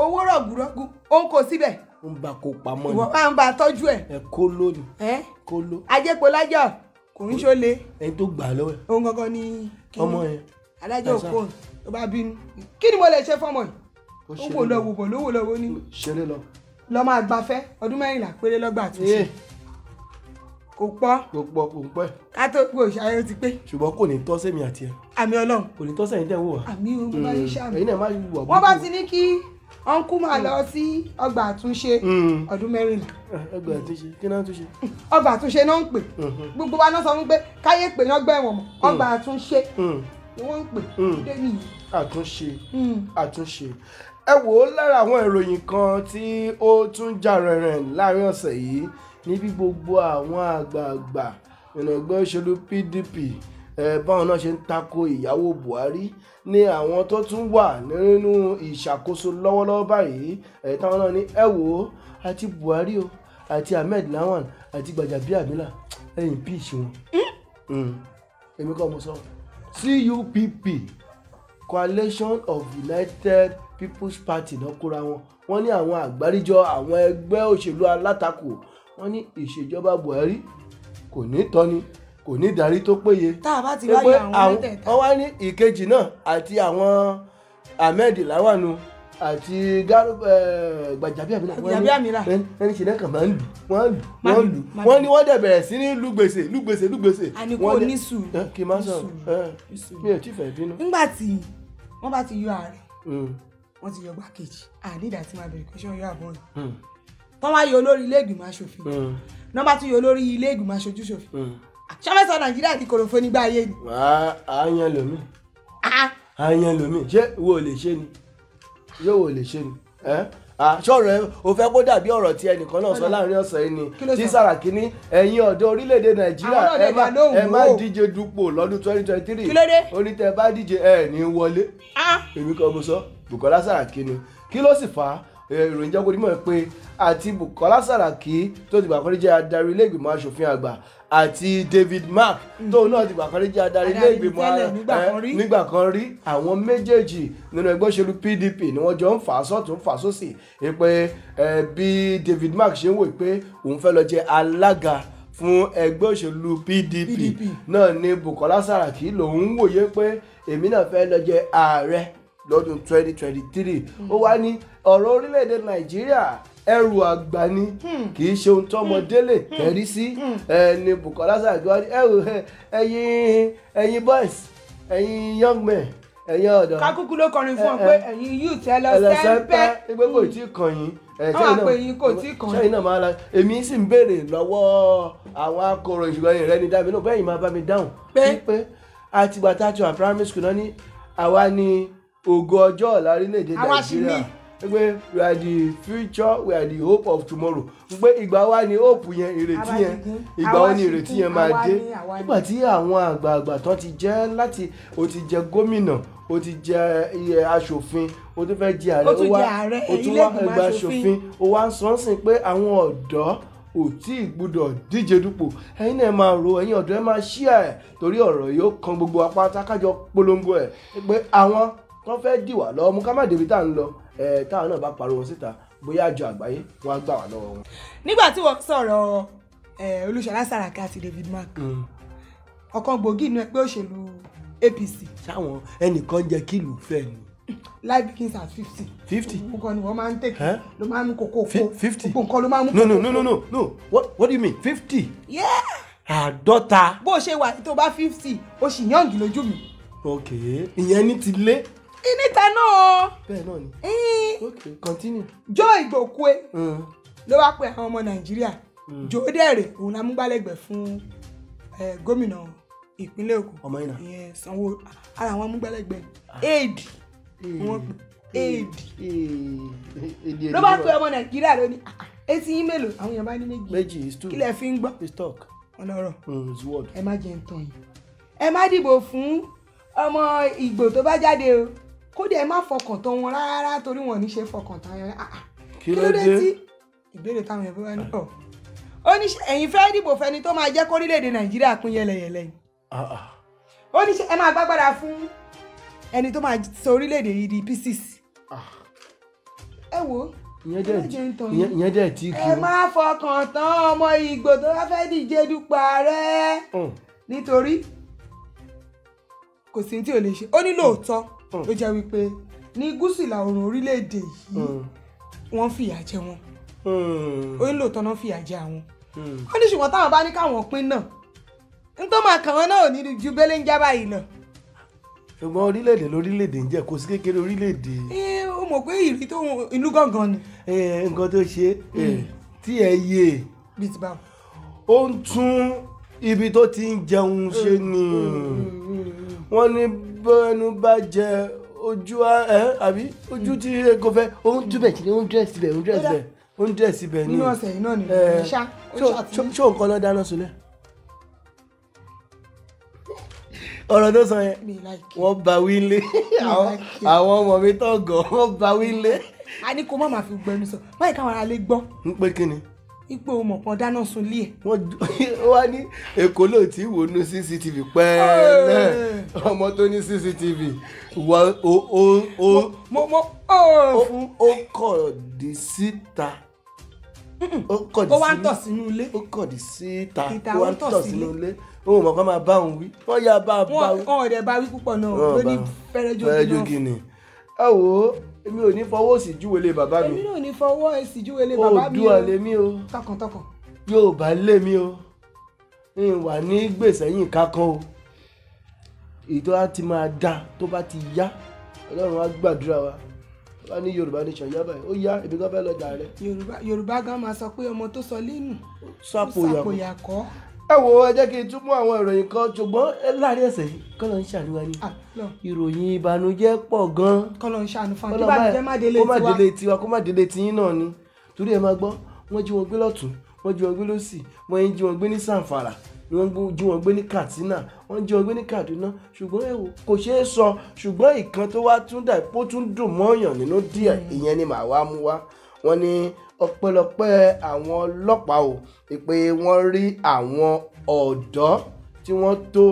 owó rọ̀gùrọ̀gù ó ń kó síbẹ̀ ń bá kó pamọ́ ni. ìwọ máa ń bá tọ́jú ẹ̀. ẹ kó lónìí. ẹ kó ló. ajépo lájà kò ń ṣọlẹ. ẹni tó gbà lọ́wọ́ ẹ̀. òun gangan ni. ọmọ yẹn. adájọ́ òkò ló bá bínú. kí ni mo lè ṣe fọmọ yìí. ó wò lọ wò bọ̀ ló wò lọ wò ní. ṣeré lọ. lọ máa gbafẹ́ ọdún mẹ́rìnlá péré lọ́gbà àtúnṣe eh. kò pọ̀ kò pọ̀ kò pẹ́. ká tó gbò ṣayọ ti pé. ṣùgbọ́n kò ní tọ́ sẹ́mi àti ẹ̀. àmì ọlọ́run. kò ní tọ́ sẹ́yìn dẹ́wò wa. àmì òun bá ṣe ṣàmì. ẹ̀yin náà má wù wà. wọ́n bá ti ní kí ọ̀nkú máa hmm. lọ sí ọgbà àtúnṣe hmm. ọdún mẹ́rìnlá. Eh, ọgbà àtúnṣe kí náà túnṣe. ọgbà àtúnṣe náà ń pè hmm. gbogbo wa náà sọ wípé káyé pè ní ọgbà ẹ̀wọ̀n ọgbà àtúnṣe ni wọ́n ń pè dé nìyí. àtúnṣe àtúnṣe ẹ wò ó lára àwọn ìròyìn kan tí ó tún jà rẹ̀rìn láàrin ọ̀sẹ̀ yìí níbi gbogbo àwọn àgbààgbà ìrìnàgbọ́ òṣèlú PDP báwọn náà ṣe ń tako ìyàwó Buhari ní àwọn tó tún wà nínú ìṣàkóso lọ́wọ́lọ́wọ́ báyìí táwọn náà ní ẹ wò ó àti Buhari o àti Ahmed Lawan àti Gbajabiamila ẹ̀yìn píìsì wọn hmm. èmi kọ́ mo sọ CUPP Coalition of United People's Party náà kóra wọn wọ́n ní àwọn àgbáríjọ àwọn ẹgbẹ́ òṣèlú alátakò wọ́n ní ìṣèjọba Buhari kò ní tọ́ni kò ní ìdarí tó péye. tá a bá ti wáyé àwọn mẹ́tẹ̀ẹ̀ta. wọ́n wá ní ìkejì náà àti àwọn ahmed lawanu àti gbajàbíàmílà eh, gbajàbíàmílà ẹni ṣe lẹ́kàn máa ń lù wọ́n lù wọ́n lù wọ́n ní wọ́n dẹ̀ bẹ̀rẹ̀ sí ní lù gbèsè lù gbèsè lù gbèsè. àníkó ní sùúrù eh, kì í má sọ̀rọ̀ eh, mi ò tí fẹ́ bínú. nígbà tí wọ́n bá ti yọ ààrẹ hmm. wọ́n ti yọ gbàkejì àdídà tí máa bẹ̀rẹ̀ kọ́ṣọ́ yọ àbọ̀ rẹ̀ hmm. tán wá yọ olórí ilé ìgbìmọ̀ asòfin hmm. náà bá tún yọ olórí ilé ìgbìmọ̀ aṣojú sọfẹsọ nàìjíríà di korofo nígbà ayé ni. Ah. a yan lomi a yan lomi ṣé wo lè ṣe ni ṣé wo lè ṣe ni sọ̀rọ̀ ẹ o fẹ́ kó dàbí ọ̀rọ̀ tí ẹnìkan náà sọ láàrin ọ̀sẹ̀ yìí ni tí Sàràkí ní ẹ̀yin ọ̀dọ́ orílẹ̀-èdè Nàìjíríà ẹ má díje dupò lọ́dún twenty twenty three orí tẹ bá díje ẹ ní wọlé ah. èmi kan mo sọ Bùkọ́lá Sàràkí ni kí ló sì fà á Eh, ìròyìn jẹ́ kó dimọ̀ pé àti Bukola Saraki tó ti gbà kọ́rí jẹ́ adarí ilé ìgbìmọ̀ asòfin àgbà àti David Mark hmm. tóun náà ti gbàkan rí jẹ́ adarí ilé ìgbìmọ̀ eh, nígbà kan rí àwọn méjèèjì nínú ẹgbẹ́ òṣèlú PDP ni wọ́n jọ ń fà á sọ́tún fà á sósì pé eh, bí David Mark ṣe ń wò pé òun fẹ́ lọ jẹ́ alága fún ẹgbẹ́ òṣèlú PDP náà ni Bukola Saraki lòun wòye pé èmi náà fẹ́ lọ jẹ́ ààrẹ lọ́dún twenty twenty three ó wá ní ọ̀rọ̀ orílẹ̀-èdè nàìjíríà ẹrù àgbà ni hmm. kì í ṣe ohun tọmọdé lè hmm. sí ẹni Bukola Saraki ẹrù ẹyin ẹyin boys ẹyin young men ẹyin ọ̀dọ́. kakuku ló kọrin fún ọ pé ẹyin youth ẹ lọ sẹ́ńpẹ́ ẹgbẹ́ kò hmm. tí ì kàn yín àwọn àpèyìn kò tí kan. ṣẹ́yìn náà máa la èmi sì ń béèrè lọ́wọ́ àwọn akọ̀rọ̀ ìṣùgbọ́n rẹ ní dábìlì bẹ́ẹ̀ yìí máa bá mi dáhùn. pé àtìgbà tá a ti wà primary school náà ní àwa ni ògo ọjọ́ ọ̀la orílẹ̀-èdè nàìjíríà pé we are the future we are the hope of tomorrow pé ìgbà wa ni hope yẹn ìrètí yẹn ìgbà wa ni ìrètí yẹn máa dé nígbà tí àwọn àgbààgbà tán ti jẹ́ láti o ti jẹ gómìnà o ti jẹ iye aṣòfin o tún fẹ́ jẹ ààrẹ o wá o tún wá ẹgbẹ́ aṣòfin o wá ń sọ sìn pé àwọn ọ̀dọ́ ò tí ì gbúdọ̀ díje dupò ẹ̀yin náà máa ro ẹ̀yin ọ̀dọ́ ẹ máa ṣí ẹ̀ torí ọ̀rọ̀ yóò kan gbogbo apá tákájọ polongo ẹ̀ pé àwọn tó fẹ́ dì wá lọ́wọ́ mú ká má débi tá à ń lọ táwọn náà bá pariwo síta bóyá àjọ àgbáyé wọn á gbà wá lọ́wọ́ wọn. nígbà tí wọ́n sọ̀rọ̀ Olúṣọlá Sàràkí àti David Mark mm. ọ̀kan gbòógì inú ẹgbẹ́ òṣèlú APC. sáwọn ẹnìkan jẹ kílù fẹ ni. life begins at fifty. fifty. nǹkan ni wọ́n máa ń tẹ̀kẹ́ ló máa ń mú kókó kó fifty nǹkan ló máa ń mú kókó kó. no no no no no what, what do you mean fifty. yeah. àádọ́ta. bó o ṣe wà tó bá fifty o sì yànjú lójú mi. ok ìyẹn ní ti lé níta náà o. bẹ́ẹ̀ náà ni eh. ok continue. Joe Igbokwe hmm. ló wá pe àwọn ọmọ Nàìjíríà hmm. Joe dẹ̀rẹ̀ òun la mú gbálẹ́gbẹ̀ fún eh, gómìnà ìpínlẹ̀ Èkó ọmọ yìí náà sanwó ara àwọn amúgbálẹ́gbẹ̀ ah. aid eh. wọn pe aid ló bá pe ọmọ Nàìjíríà lónìí ah, ah. etí yín mélòó àwọn èèyàn bá ní méjì méjì kí lẹ fi ń gbọ́ ọlọ́rọ̀ hmm, ẹ má jẹun tán yìí ẹ má dìbò fún ọmọ Ìgbò tó bá jáde o kódà ẹ má fọkàn tán wọn rárá torí wọn ò ní ṣe fọkàn tán yẹn ah, ah. kí ló dé tí ìbéèrè táwọn yẹn fẹ́ wá ní ọ̀ oh. ó ní ẹ̀yin fẹ́ dìbò fẹ́ni tó máa jẹ́ kórílẹ̀-èdè nàìjíríà pín yẹlẹyẹlẹ ni ah, ó ní ẹ máa gbàgbára fún ẹni tó máa sọ orílẹ̀-èdè yìí di pieces ẹ wò ó ìyẹn dẹ̀ tí kì í. ẹ má fọkàn tán ọmọ ìgbò tó bá fẹ́ díje dupò ààrẹ hmm. nítorí kò sí tí ò lè ṣe ó ní lóòótọ́ ló mm. jẹ́ wípé ní gúúsù ìlà oòrùn orílẹ̀-èdè yìí mm. wọ́n fìyà jẹ wọn mm. ó ń lòótọ́ náà fìyà jẹ àwọn ó ní ṣùgbọ́n táwọn bá ní káwọn pín náà ń tó máa kàn wọ́n náà ò ní ju bẹ́lẹ̀ ń já báyìí lọ. ṣùgbọ́n orílẹ̀-èdè lórílẹ̀-èdè ń jẹ́ kó sí kékeré orílẹ̀-èdè. ẹ o mọ̀ pé ìrì tó ìlú gangan ni. ẹ nǹkan tó ṣe tí ẹ yé ó ń tún ibi tó ti ń jẹun ṣe ni wọ́n ní bọ́ẹnu bá jẹ ojú ẹ àbí ojú tí kò fẹ́ òun túbẹ̀ tí òun dírẹ̀ síbẹ̀ òun dírẹ̀ síbẹ̀ òun dírẹ̀ síbẹ̀ ni. nínú ọ̀sẹ̀ yìí náà ni ṣá ó ṣàtúnyẹ. ṣé òǹkọ́ lọ dáná sunlẹ̀? ọ̀rọ̀ tó sọ yẹn wọ́n ba wílé àwọn ọmọ mi tọ̀gọ̀ wọ́n ba wílé. a ní kó má máa fi gbẹnu sọ báyìí káwọn ará lè gbọ́. ń pé kí ni ipò ọmọ kan dáná sun lé ẹ. wọ́n wá ní èkó ló ti wò ní cctv pẹ́ẹ́lẹ́ ọmọ tó ní cctv wà ó ó ó ó kọ̀ dé síta ó kọ̀ dé sínú ó wá ń tọ̀ sínú ilé ó kọ̀ dé síta ó wá ń tọ̀ sínú ilé ó mọ̀ kó máa bá òun wí wọ́n yà bá a bá wí. wọn ò dẹ̀ bá wí púpọ̀ náà ló ní fẹ́rẹ́jọ́gì náà. ẹ wò ó èmi ò ní fọwọ́ òsì júwèlé bàbá mi. èmi ò ní fọwọ́ òsì júwèlé bàbá mi o. Oòduà lèmi o. tọkàntọkàn. Yorùbá lèmi o. n wà ní gbèsè yìí kankan o. ètò á ti máa da tó bá ti yá ọlọ́run á gbàdúrà wa wá ní Yorùbá ní ṣàyà báyìí ó yá ibi kan fẹ́ lọ́jà rẹ. Yorùbá gan máa sọ pé ọmọ tó sọ lẹ́nu. sàpòyàkọ́ ẹ wo ẹ jẹ́ kí n tún mú àwọn ìròyìn kan ṣùgbọ́n láàrin ẹ̀sẹ̀ kọ́lọ̀ ń ṣàlùwà ni ìròyìn ìbànújẹ́ pọ̀ gan-an kọ́lọ̀ ń ṣàánú fún un kí bàjẹ́ má délé tiwa kó má délé tiyín náà ni torí ẹ máa gbọ́ wọ́n jí wọn gbé lọ́tún wọ́n jí wọn gbé lọ́sì wọ́n jí wọn gbé ní sàǹfàrà wọ́n jí wọn gbé ní Katsina wọ́n jí wọn gbé ní Kaduna ṣùgbọ́n ẹ wò kò ṣeé sọ ṣùgbọ́n ìkan tó wá tún dà ó tún dùn mọ́ọ̀yàn hmm. ni màá wá mú wá wọ́n ní ọpẹ́lọpẹ́ àwọn ọlọ́pàá o pé wọ́n rí àwọn ọ̀dọ́ tí wọ́n tó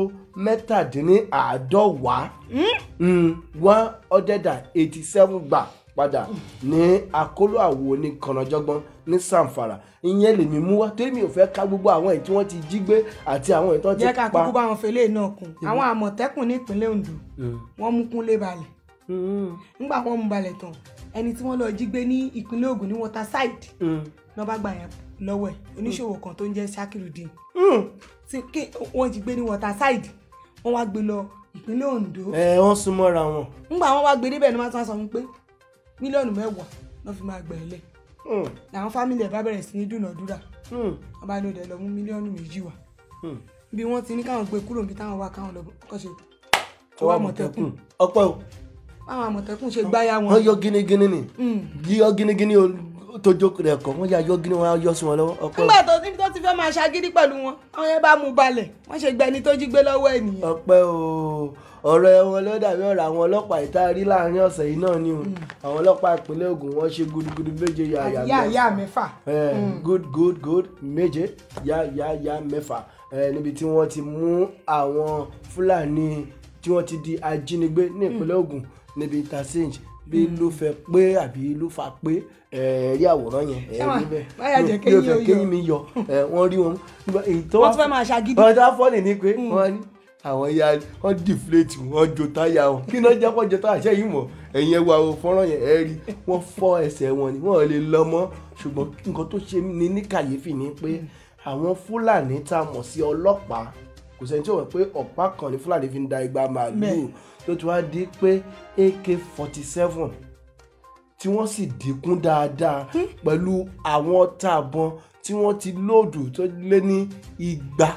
mẹ́tàdínníàádọ́wàá hmm. hmm, one hundred and eighty seven gbà padà ní àkóló àwo ní kànájọ́gbọ́n ní sàǹfàrà ìyẹn lèmi mú wá tèmi ò fẹ́ ká gbogbo àwọn èyí tí wọ́n ti jí gbé àti àwọn èyí tó ti pa. jẹ́ ká kúkú bá wọn fẹlẹ́ náà kún àwọn àmọ̀tẹ́kùn ní ìpínlẹ̀ Ondo hmm. wọ́n mú Kúnlé balẹ̀ nígbà wọ́n mú balẹ̀ tán ẹni tí wọ́n lọ jí gbé ní ìpínlẹ̀ Ògùn ní Waterside náà mm. bá gbà yẹn lọ́wọ́ ẹ̀ oníṣòwò kan tó ń jẹ́ Sakirudeen mm. tí wọ́n jí gbé ní Waterside wọ́n wá gbé lọ ìpínlẹ̀ Ondo. ẹ wọ́n sún mọ́ra wọn. ńgbà wọ́n wá gbé débẹ̀ ni wọ́n tún sọ fún pé mílíọ̀nù mẹ́wàá lọ́ fi máa gbẹ̀ lẹ̀ mm. làwọn fámìlì ẹ̀ bá bẹ̀rẹ̀ sí ní dúnàdúrà wọ́n bá ní ọ̀dẹ̀ lọ mú mílíọ̀nù méjì wá bí wọ́n ti ní káwọn gbé kúrò níbi táwọn wá káwọn lọ kọ́ ṣe ọwọ́ àmọ̀tẹ́kùn ọ̀pọ̀ àwọn àmọ̀tẹ́kùn ṣe gbáyà wọn. wọ́n yọ gínígíní ni mm. yíyọ gínígíní tójó rẹ̀ kọ́ wọ́n yà yọ gíní wọn yọ sí wọn lọ́wọ́. nígbà tó níbi tó ti fẹ́ máa ṣagídí pẹ̀lú wọn àwọn yẹn bá mú balẹ̀ wọ́n ṣe gbẹni tó jí gbé lọ́wọ́ ènìyàn. ọpẹ́ o ọ̀rọ̀ ẹ̀wọ̀n ló dàbí ọ̀rọ̀ àwọn ọlọ́pàá ìta rí láàrin ọ̀sẹ̀ yìí náà ni o mm. àwọn ọlọ́pàá ìpínlẹ̀ Ògùn wọ́n ṣe gudugudu méje yàyà mẹ́fà yàyà mẹ́fà mm. good good good méje yàyà mẹ́fà níbi tí wọ́n ti mú àwọn Fúlàní tí wọ́n ti di ajínigbé ní ìpínlẹ̀ Ògùn níbi interchange bí hmm. ló fẹ́ pé àbí ló fa pé ẹ rí àwòrán yẹn ẹ rí bẹ́ẹ̀ ló fẹ́ kéyìn mi yọ ẹ wọ́n rí wọn. wọ́n tún fẹ́ máa ṣàgídí. wọ́n tún fọ́ọ̀lì ní pé hmm. wọ́n ní àwọn ya wọ́n deflate wọ́n jo táyà wọn kí náà jẹ́ kó jo táyà ṣé yìí mọ̀ ẹ̀yin ẹ̀ wá o fọ́nrán yẹn ẹ rí wọ́n fọ́ ẹsẹ̀ wọn ni wọ́n lè lọ mọ́ ṣùgbọ́n nǹkan tó ṣe ní ní kàyéfì ni pé hmm. àwọn Fúlàní tá mọ̀ sí ọlọ́pàá kò sẹ́ni tí ó wọ̀ pé ọ̀pá kan ni Fúlàní fi ń da igba màálù ló ti wá di pé ak forty seven tí wọ́n sì dínkù dáadáa pẹ̀lú àwọn ọta àbọn tí wọ́n ti lóòdù tó lé ní igba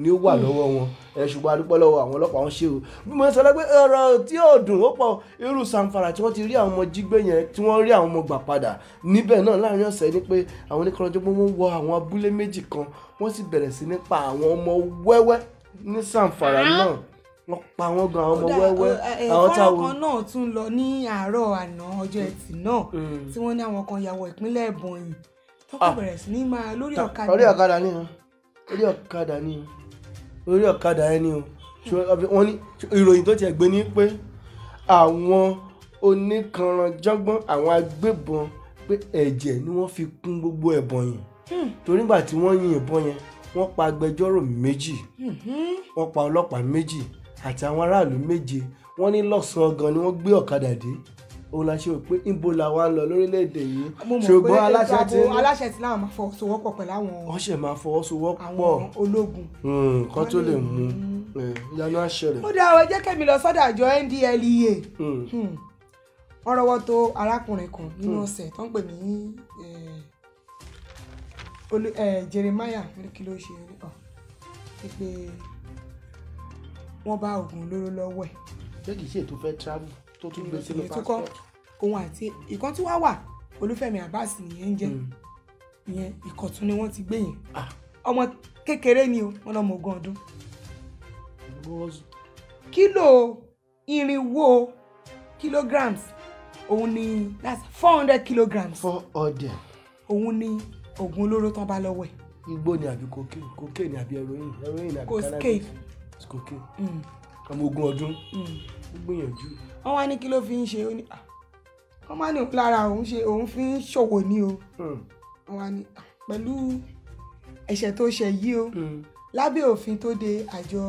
ni ó wà hmm. lọ́wọ́ wọn ẹ ṣùgbọ́n adúpẹ́ lọ́wọ́ àwọn ọlọ́pàá wọn ṣe o bí mo sọ lẹ́gbẹ́ ọ̀rọ̀ tí ò dùn ó pọ̀ irú sanfara tí wọ́n ti rí àwọn ọmọ jígbé yẹn tí wọ́n rí àwọn ọmọ gbà padà níbẹ̀ náà láàrin ọ̀sẹ̀ ni pé àwọn oníkanjọ́ pé wọ́n wọ àwọn abúlé méjì kan wọ́n sì bẹ̀rẹ̀ sí ní pa àwọn ọmọ wẹ́wẹ́ ní sanfara ah. náà wọ́n pa wọ́n gan àwọn ọmọ wẹ́wẹ́ àwọn táwọn. ẹ̀fọ́ kan náà tún lọ ní àárọ̀ àná ọjọ́ mm. ẹtì náà mm. tí wọ́n ní àwọn kan yàwọ̀ ìpínlẹ̀ Ebonyi tọ́kọ̀ ah. bẹ̀rẹ̀ sí ní máa lórí ọ̀kadà. orí ọ̀kadà ni orí ọ̀kadà ni orí ọ̀kadà ẹni o wọ́n ní ìròyìn tó tiẹ̀ gbé ní pé àwọn oníkanranjọ́gbọ́n àwọn agbébọn pé ẹ̀jẹ̀ ni wọ́n fi kún gbogbo Ebonyi hmm. torí nígbà tí wọ́n yin ìbọn yẹn wọ́n pa agbẹjọ́rò méjì mm-hmm. wọ́n pa ọlọ́pàá méjì àti àwọn aráàlú méje wọ́n ní lọ́sàn-án gan ni wọ́n gbé ọ̀kadà dé òun la ṣe rò pé ibo la wa ń lọ lórílẹ̀‐èdè yìí ṣùgbọ́n aláṣẹ ti ní aláṣẹ ti láwọn máa fọwọ́sowọ́pọ̀ pẹ̀lú àwọn wọ́n ṣe máa fọwọ́sowọ́pọ̀ àwọn ológun hmm, kan tó lè mú hmm, ìyanu àṣẹrẹ. ó dáa ẹ jẹ́ kẹ́mi lọ sọ́dọ̀ àjọ NDLEA hmm. wọ́n rọwọ́ tó arákùnrin kan nínú ọ̀sẹ̀ tó ń pè ní eh, eh, Jeremiah kí ló ṣe pé wọ́n bá oògùn olóró lọ́wọ́ ẹ̀. jẹ́kì ṣe tó fẹ́ travel tó tún gbé sínú passport. òun àti ìkan tí wàá wà olúfẹ́mi abbas nìyẹn ń jẹ́ hmm. ìyẹn ìkọ̀tún ni wọ́n ti gbé yẹn ah. ọmọ kékeré ni o wọn lọ́mọ ogún ọdún. kílò irinwó kilograms òun ni that's four hundred kilograms. four hundred. òun ni oògùn olóró tán bá lọ́wọ́ ẹ̀. igbó ni àbí cocaine cocaine ni àbí heroin heroin ni àbí skokin mm. ọmọ ogún ọdún mm. ó gbìyànjú. wọ́n wá ní kí ló fi ń ṣe ó ní wọ́n má ní òun lára òun ṣe òun fi ń ṣòwò ní o mm. wọ́n wá ní pẹ̀lú ẹ̀ṣẹ̀ tó ṣe yìí o lábẹ́ òfin tó de àjọ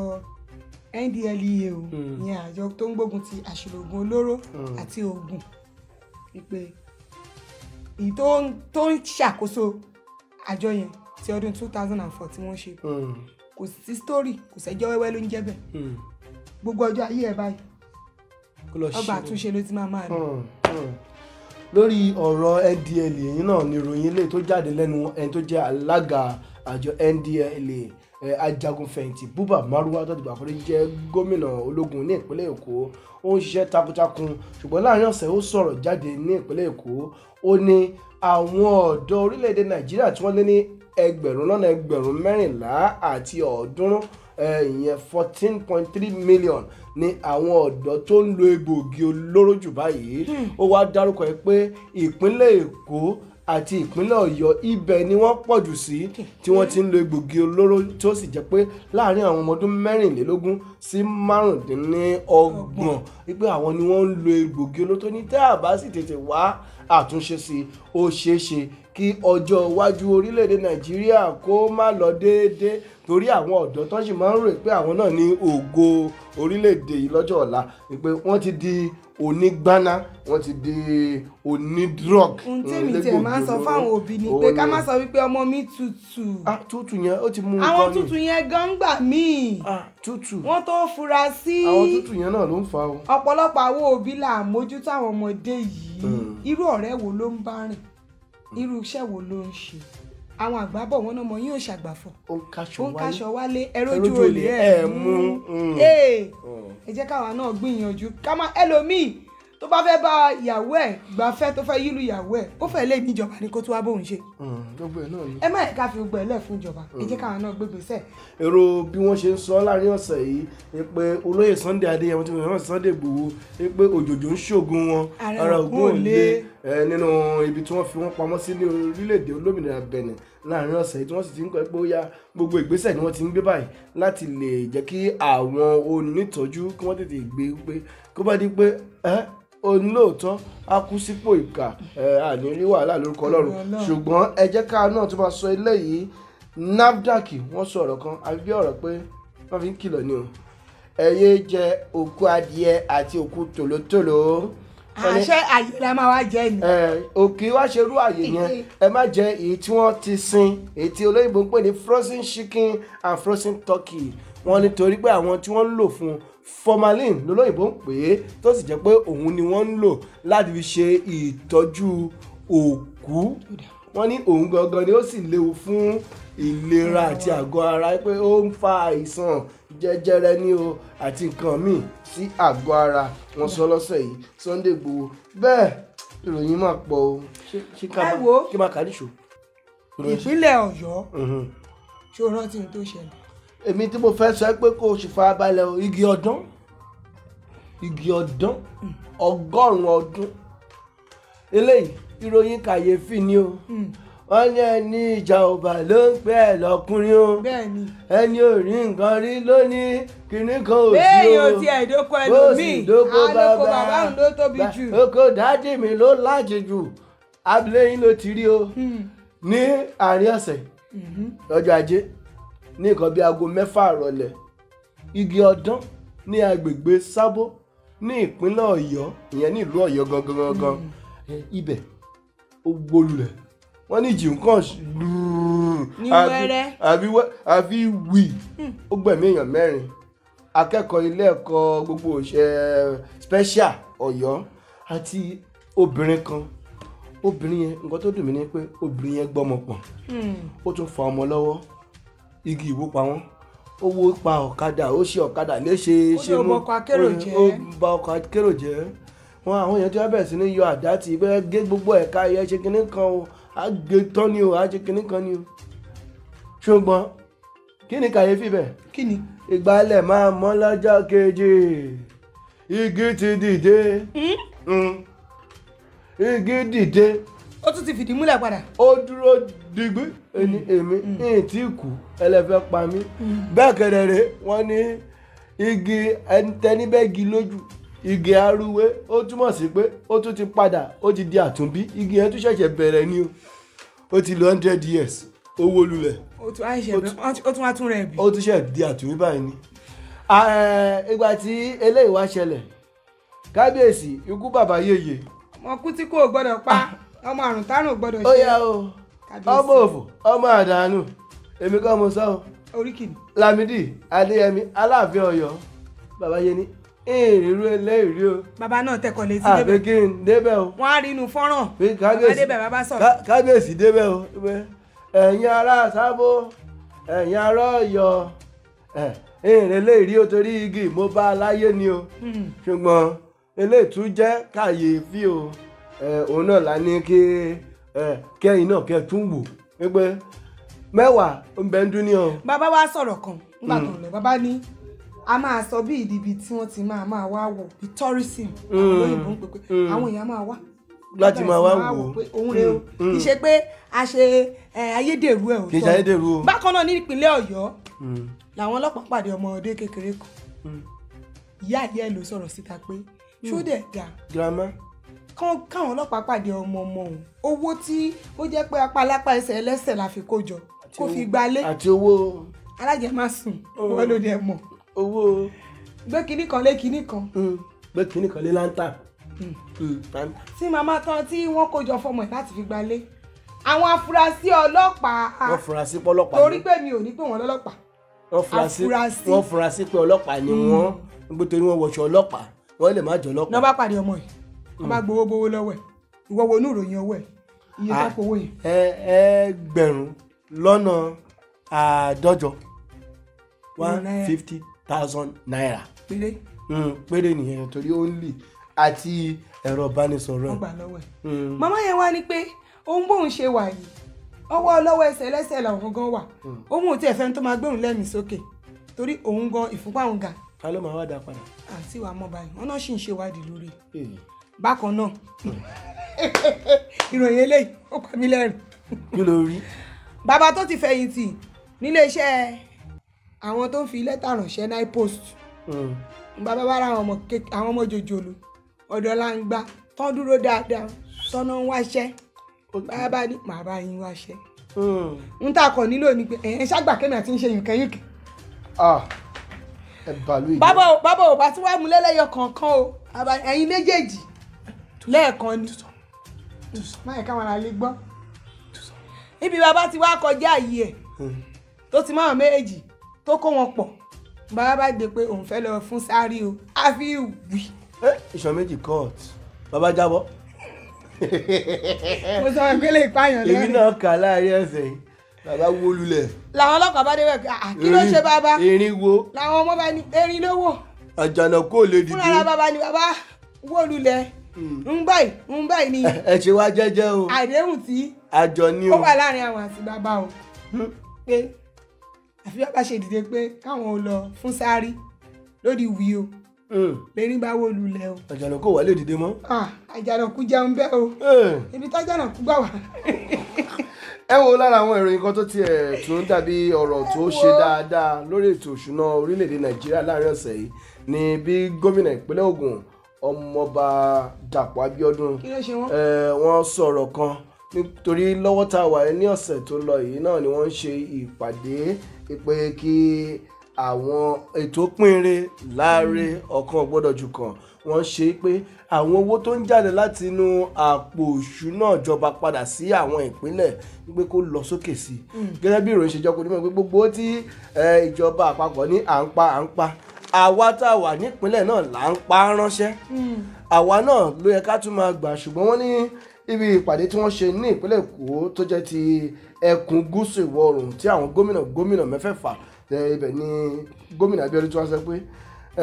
NDLEA o ìyẹn àjọ tó ń gbógun ti àṣìlò oògùn olóró àti oògùn wípé èyí tó ń ṣàkóso àjọ yẹn ti ọdún two thousand and four tí wọ́n ṣe kò sí story kò sẹ́jọ́ wẹ́wẹ́ ló ń jẹ́ bẹ̀ hmm. gbogbo ọjọ́ ayé ẹ̀ báyìí ọgbà àtúnṣe ló ti máa máa rí. Hmm, hmm. lórí ọ̀rọ̀ ndla yìí náà ni ìròyìn lè tó jáde lẹ́nu ẹni tó jẹ́ alága àjọ ndla ajagunfẹ̀yìntì buba maruwa tó ti gbà fọdé jẹ́ gómìnà ológun ní ìpínlẹ̀ èkó ó ń ṣiṣẹ́ takuntakun ṣùgbọ́n láàrin ọ̀sẹ̀ ó sọ̀rọ̀ jáde ní ìpínlẹ̀ èkó ó ní àwọn ọ̀dọ́ orílẹ̀-èdè nàìjíríà tí wọ́n lé ní ẹgbẹ̀rún lọ́nà ẹgbẹ̀rún mẹ́rìnlá àti ọ̀ọ́dúnrún ìyẹn fourteen point three million ni àwọn ọ̀dọ́ tó ń lo egbòogi olóró jù báyìí hmm. ó wá dárúkọ ẹ pé ìpínlẹ̀ Èkó àti ìpínlẹ̀ Ọ̀yọ́ ibẹ̀ ni wọ́n pọ̀jù sí tí wọ́n ti ń lo egbògi olóró tí ó sì jẹ́ pé láàrin àwọn ọmọ ọdún mẹ́rìnlélógún sí márùndínlọ́gbọ̀n wípé àwọn ni wọ́n ń lo egbògi olóró tó ní tẹ́ àbá sì tètè wá àtúnṣe sí ó ṣeé kí ọjọ́ iwájú orílẹ̀-èdè nàìjíríà kó má lọ déédéé torí àwọn ọ̀dọ́ tó sì máa ń rò pé àwọn náà ní ògo orílẹ̀-èdè yìí lọ́jọ́ ọ̀la pé wọ́n ti di onígbáná wọ́n ti di onídrug. ohun tí èmi tiẹ̀ máa ń sọ fáwọn òbí ni pé ká má sọ wípé ọmọ mi tutù. ah tutù yẹn ó ti mú un gan ni. àwọn tutù yẹn gan gbà míì. ah tutù. wọ́n tó fura sí. àwọn tutù yẹn náà ló ń fa o. ọ̀pọ̀lọpọ̀ àwọn òbí là mójútó àwọn ọmọdé yìí hmm. irú ọ̀rẹ́ wo ló ń bá rìn Mm. irú iṣẹ́ wo ló ń ṣe àwọn àgbà bọ̀ wọ́n náà mọ yín ò ṣàgbàfọ̀ ó ń kaṣọ wálé ẹrójú olè ẹ̀ mú mm. Mm. ẹ jẹ́ káwa náà gbìyànjú ká má ẹlòmíì tó bá fẹ́ bá ìyàwó ẹ̀ gbafẹ́ tó fẹ́ yílu ìyàwó ẹ̀ ó fẹ́ lé níjọba ni kó tó wá bóun ṣe. ẹ má ẹ̀ka fi gbogbo ẹ̀ lẹ̀ fún ìjọba ẹ jẹ́ káwọn náà gbégbé sẹ̀. èrò bí wọ́n ṣe ń sọ láàrin ọ̀sẹ̀ yìí ni pé olóyè Sunday Adéyẹmọ tí wọ́n fi hàn Sunday Igboho ni pé òjòjò ń ṣògùn wọn ara ògùn ò lé nínú ibi tí wọ́n fi wọ́n pamọ́ sí ní orílẹ̀-èdè olómìnira Benin láàrin ọ̀sẹ̀ yìí tí wọ́n sì ti ń kọ́ pé ó yá gbogbo ìgbésẹ̀ ni wọ́n ti ń gbé báyìí láti lè jẹ́ kí àwọn onítọ́jú kí wọ́n tètè gbé e pé kó bá di pé olóòótọ́ a kú sípò ìkà àní rí wàhálà lórúkọ Ọlọ́run ṣùgbọ́n ẹ jẹ́ ká náà tó máa sọ eléyìí NAFDAC wọ́n sọ ọ̀rọ̀ kan àbí ọ̀rọ̀ pé wọ́n fi ń kìlọ̀ ni o ẹ jẹ òkú adìẹ àti òkú tòlótòló àṣẹ àyè la máa wá jẹ ni. òkè wá ṣerú àyè yẹn ẹ má jẹ èyí tí wọ́n ti sin èyí tí olóyìnbó ń pè ní frozen chicken and frozen turkey wọ́n nítorí pé àwọn tí wọ́n ń lò fún formalin lolóyìnbó ń pè é tó sì jẹ́ pé òun ni wọ́n ń lò láti fi ṣe ìtọ́jú òkú wọ́n ní òun gangan ni ó sì léwu fún ìlera àti àgọ́ ara pé ó ń fa àìsàn jẹjẹrẹ ni o àti nǹkan míì sí àgọ́ ara wọn sọ lọ́sẹ̀ yìí Sunday Igboho bẹ́ẹ̀ ìròyìn máa pọ̀ o ṣé ká máa kàrí ṣò. ìpínlẹ̀ Ọ̀yọ́ ṣó rántí ohun tó ṣẹlẹ̀. èmi tí mo fẹ́ sọ pé kó o sì fara balẹ̀ o igi ọdún igi ọdún hmm. ọgọ́rùn-ún ọdún eléyìí ìròyìn kàyéfì ni o. Mm. wọ́n ní ẹni ìjà ọba ló ń pẹ́ ẹ lọ́kùnrin o ẹni ò rí nǹkan rí lónìí kìnnì kan ò sí o bẹ́ẹ̀ yóò ti ẹ̀dókò ẹlòmíì àlòkò ah, bàbá ló tóbi jù oko dáàdì mi ló láàjì jù ló ti rí o hmm. ní àárín mhm. ajé ní nǹkan bíi aago igi ní agbègbè sábó ní ìpínlẹ̀ ọ̀yọ́ ìyẹn gangan gangan hmm. ibẹ̀ ó gbólulẹ̀ wọ́n ní jì nǹkan ní wẹ́rẹ́ àfi wì ó gbẹ̀mí èèyàn mẹ́rin akẹ́kọ̀ọ́ ilé ẹ̀kọ́ gbogbo òṣè special ọ̀yọ́ àti obìnrin kan obìnrin yẹn nǹkan tó dùn mí ni pé obìnrin yẹn gbọ́mọ pọ̀n hmm. ó tún fa ọmọ lọ́wọ́ igi ìwó pa wọ́n ó wó pa ọ̀kadà ó ṣe ọ̀kadà léṣe ṣe mú ó ba ọkọ̀ akérò jẹ́ wọn àwọn yẹn tí wọ́n bẹ̀rẹ̀ sí ní yọ àdá tì í pé gé gbogbo ẹ̀ka ẹ̀yẹ ṣe kinní kan o á gé tán ni o á ṣe kinní kan ni o ṣùgbọ́n kí ni kàyéfì bẹ̀. kí ni. ìgbálẹ̀ máa mọ́ lọ́jọ́ kejì igi ti dìde. Hmm? Hmm. igi dìde. ó tún ti fìdí múlẹ̀ padà. ó dúró digbí ẹni hmm. èmi ẹni tí kù ẹlẹ́fẹ́ pa mí bẹ́ẹ̀ kẹ̀dẹ̀ rẹ̀ wọ́n ní igi ẹni tẹ́ni bẹ́ẹ̀ gi lójú igi arúwé ó túmọ̀ sí pé ó tún ti padà ó ti di àtúnbí igi yẹn tún ṣẹ̀ṣẹ̀ bẹ̀rẹ̀ ni o ó ti lo hundred years ó wó lulẹ̀. ó tún wá tún rẹ̀ bí. ó tún ṣẹ̀ di àtúnbí báyìí ni. ìgbà tí eléyìí wá ṣẹlẹ̀ kábíyèsí ikú bàbá yeye. wọn kú tí kò gbọ́dọ̀ pa ọmọ àrùn tárùn gbọ́dọ̀ ṣe. ó yá o ọmọ òfò ọmọ àdánù èmi kọ́ mo sọ o. oríkì. Lámídì Adéyẹmí Aláàfin Ọ̀yọ́ bàbá yẹni èrèrú ẹlẹ́rìí o. bàbá náà tẹkọ̀ létí débẹ̀. àbí kí n débẹ̀ o. wọ́n á rí inú fọ́nrán. bàbá débẹ̀ bàbá sọ̀rọ̀. kábíyèsí débẹ̀ o. ẹ̀yin ará sábó ẹ̀yin ará ọ̀yọ́ èrè eléyìí o torí igi mo bá a láyé ni o. Hmm. ṣùgbọ́n eléyìí tún jẹ́ kàyéfì o. òun náà la ní kí kẹ́yìn náà kẹ́ tún wò pé mẹ́wàá ń bẹ ń dún ní o. bàbá wa sọ̀rọ̀ kan nígbà tó hmm. lọ bàbá ní a máa sọ bí ìdìbì tí wọ́n ti máa máa wá wò bí tourism mm. àwọn òyìnbó ń pè pé mm. àwọn èèyàn máa wá láti máa wá wò òun rè o mm. kì í ṣe pé a ṣe ayédèrú ẹ òótọ́ kì í ṣe ayédèrú o bákan náà ní ìpínlẹ̀ Ọ̀yọ́ làwọn ọlọ́pàá pàdé ọmọdé kékeré kan ìyá ìyá ẹ ló sọ̀rọ̀ síta pé ṣúdẹ̀ ga girama káwọn ọlọ́pàá pàdé ọmọ ọmọ òun owó tí ó jẹ́ pé apá alápá ẹsẹ̀ ẹlẹ́sẹ̀ la fi kó jọ kó fi gbalé àti owó alájẹmásùn owó oh. ló dẹ mọ̀ owó. gbé kinní kan lé kinní kan. Mm, gbé kinní kan lé lanta. Mm. Mm, tí màmá tán tí wọ́n kó jọ fọmọ ẹ̀ láti fi gbalé àwọn afurasí ọlọ́pàá. wọ́n furasí pé ọlọ́pàá ni. torí pé mi ò ní pè wọ́n lọ́lọ́pàá. wọ́n furasí pé ọlọ́pàá ni wọ́n nígbà tó ní wọ́n wọṣọ ọlọ́pàá wọ́n lè má jọ ọlọ́pàá. lọ́ba pàdé ọmọ yìí wọ́n bá gbowó gbowó lọ́wọ́ ẹ̀ ìwọ wo inú ìròyìn owó ẹ̀ iye tó ah, kówó yẹn. ẹ ẹ gbẹ̀rún lọ́nà àádọ́jọ one fifty thousand naira péré hmm, péré nìyẹn torí only àti ẹ̀rọ ìbánisọ̀rọ̀ ẹ̀. wọ́n gbà lọ́wọ́ ẹ̀ hmm. màmá yẹn wá ní pé ohun bóun ṣe wà yìí ọwọ́ ọlọ́wọ́ ẹsẹ̀ ẹlẹ́sẹ̀ làwọn gan wà hmm. òun ò tiẹ̀ fẹ́ni tó máa gbóhùn lẹ́mìí sókè torí òun gan ìfúnpá òun ga. ká ló máa wá dá padà. àǹtí wa mọ̀ báyìí wọn náà sì ń ṣe ìwádìí lórí ẹ̀ bákan náà ìròyìn eléyìí ó pa mí lẹ́rìn. kí ló rí. bàbá tó ti fẹ̀yìntì nílé iṣẹ́ àwọn tó ń fi lẹ́tà ránṣẹ́ náà post hmm. bàbá bá ra àwọn ọmọ jòjòló ọ̀dọ́ la ń gbá tán dúró dáadáa sọ́nà ń wáṣẹ́ bàbá bá ní màá bá yín wáṣẹ́ ń hmm. tà kọ̀ nílò ni pé ẹ̀yẹn ṣàgbà kẹ́mi àti ń ṣe yìnkẹ́ yìnkẹ́. bàbá ò bàbá ò bá tí wàá mú lẹ́lẹ́yọ kọ̀ọ̀kan o ẹ̀yin méjèèjì lẹ́ẹ̀kan ni máa ẹ̀ka wọn àlè gbọ́ ibi bàbá ti wá kọjá yìí ẹ̀ hmm. tó ti máa méjèèjì tó kó wọn pọ̀ bàbá bá dé pé òun fẹ́ lọ fún sáré o á fi wì. ìṣàn méjì court bàbá jábọ́. mo sọ ìpínlẹ̀ ìpààyàn lẹ́yìn. èmi náà kà láàrin ẹsẹ̀ yìí bàbá wó lulẹ̀. làwọn ọlọ́pàá bá débẹ̀ ah, kí ló ṣe bàbá. erin wo. làwọn ọmọ bá ní erin ló wò. àjànàkú ò lè dìde. fúnra bàbá ni bàbá wó lulẹ̀ ń hmm. báyìí ń báyìí ni. ẹ ṣe wá jẹ́jẹ́ o. àdéhùn tí. àjọ ni o. ó wà láàrin àwọn àti bàbá o. Hmm. pé àfi bá bá ṣe dìde pé káwọn ò lọ fún sáré lórí wí o hmm. lẹ́ni bá wó lulẹ̀ o. àjànàkú wà lè dìde mọ́. àjànàkú jẹun bẹ́ẹ̀ o hmm. ibi tájànàkú gbà wá. ẹ wo lára àwọn ìròyìn kan tó tiẹ̀ tó ń dàbí ọ̀rọ̀ tó ṣe dáadáa lórí ètò òṣùná orílẹ̀-èdè nàìjíríà láàrin ọ̀sẹ̀ yìí ni bí gómìnà ìpínlẹ̀ Ògùn ọmọọba Dàpọ̀ Abíọ́dún wọ́n sọ̀rọ̀ kan nítorí lọ́wọ́ tá a wà ní ọ̀sẹ̀ tó lọ yìí náà ni wọ́n ń ṣe ìpàdé pé kí àwọn ètò pínre láre mm. ọ̀kan gbọ́dọ̀ jù kan wọ́n ṣe pé àwọn owó tó ń jáde láti inú àpò ìṣúná ìjọba padà sí àwọn ìpínlẹ̀ wípé kó lọ sókè sí i mm. gẹ́gẹ́ bí ìròyìn ṣe jọ kó nímọ̀ pé gbogbo tí ìjọba àpapọ̀ ní à ń pa à ń pa àwa tá a wà nípínlẹ̀ náà là ń pa ránṣẹ́ mm. àwa náà ló yẹ ká tún máa gbà ṣùgbọ́n wọ́n ní ibi ìpàdé tí wọ́n ṣe ní ìpínlẹ̀ èkó tó jẹ́ ti ẹkùn gúúsù ìwọ̀ oòrùn tí àwọn gómìnà gómìnà mẹ́fẹ̀ẹ̀fà ibẹ̀ ni gómìnà abiodun tí wọ́n sọ pé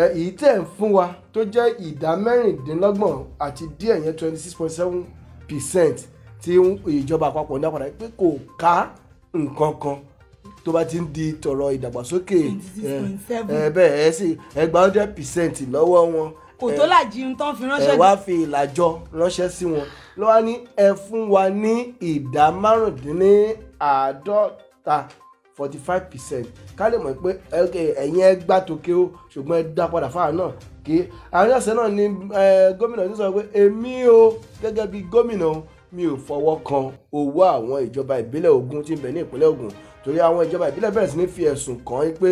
èyí tẹ̀ ń fún wa tó jẹ́ ìdá mẹ́rìndínlọ́gbọ̀n àti díẹ̀ yẹn twenty six point seven percent tí ìjọba àpapọ̀ ní àpàdé pé kò ká nǹkan kan tó bá ti ń di tọ̀rọ̀ ìdàgbàsókè bẹ́ẹ̀ ẹ sì ẹgbàá hundred percent lọ́wọ́ wọn kò tó làjì ń tán fi ránṣẹ́ ẹ wá fi ìlàjọ ránṣẹ́ sí wọn ló wá ní ẹ fún wa ní ìdá márùndínláàádọ́ta forty five percent ká lè mọ̀ pé ẹ̀yin ẹ gbà tókè o ṣùgbọ́n ẹ dá padà fáwọn náà kí àárín ọ̀sẹ̀ náà ni gómìnà ti sọ pé èmi o gẹ́gẹ́ bí gómìnà o mi ò fọwọ́ kan owó àwọn ìjọba ìbílẹ̀ ogun. tí ń bẹ ní ìpínlẹ̀ Ògùn torí àwọn ìjọba ìbílẹ̀ bẹ̀rẹ̀ sí ní fi ẹ̀sùn kàn yín pé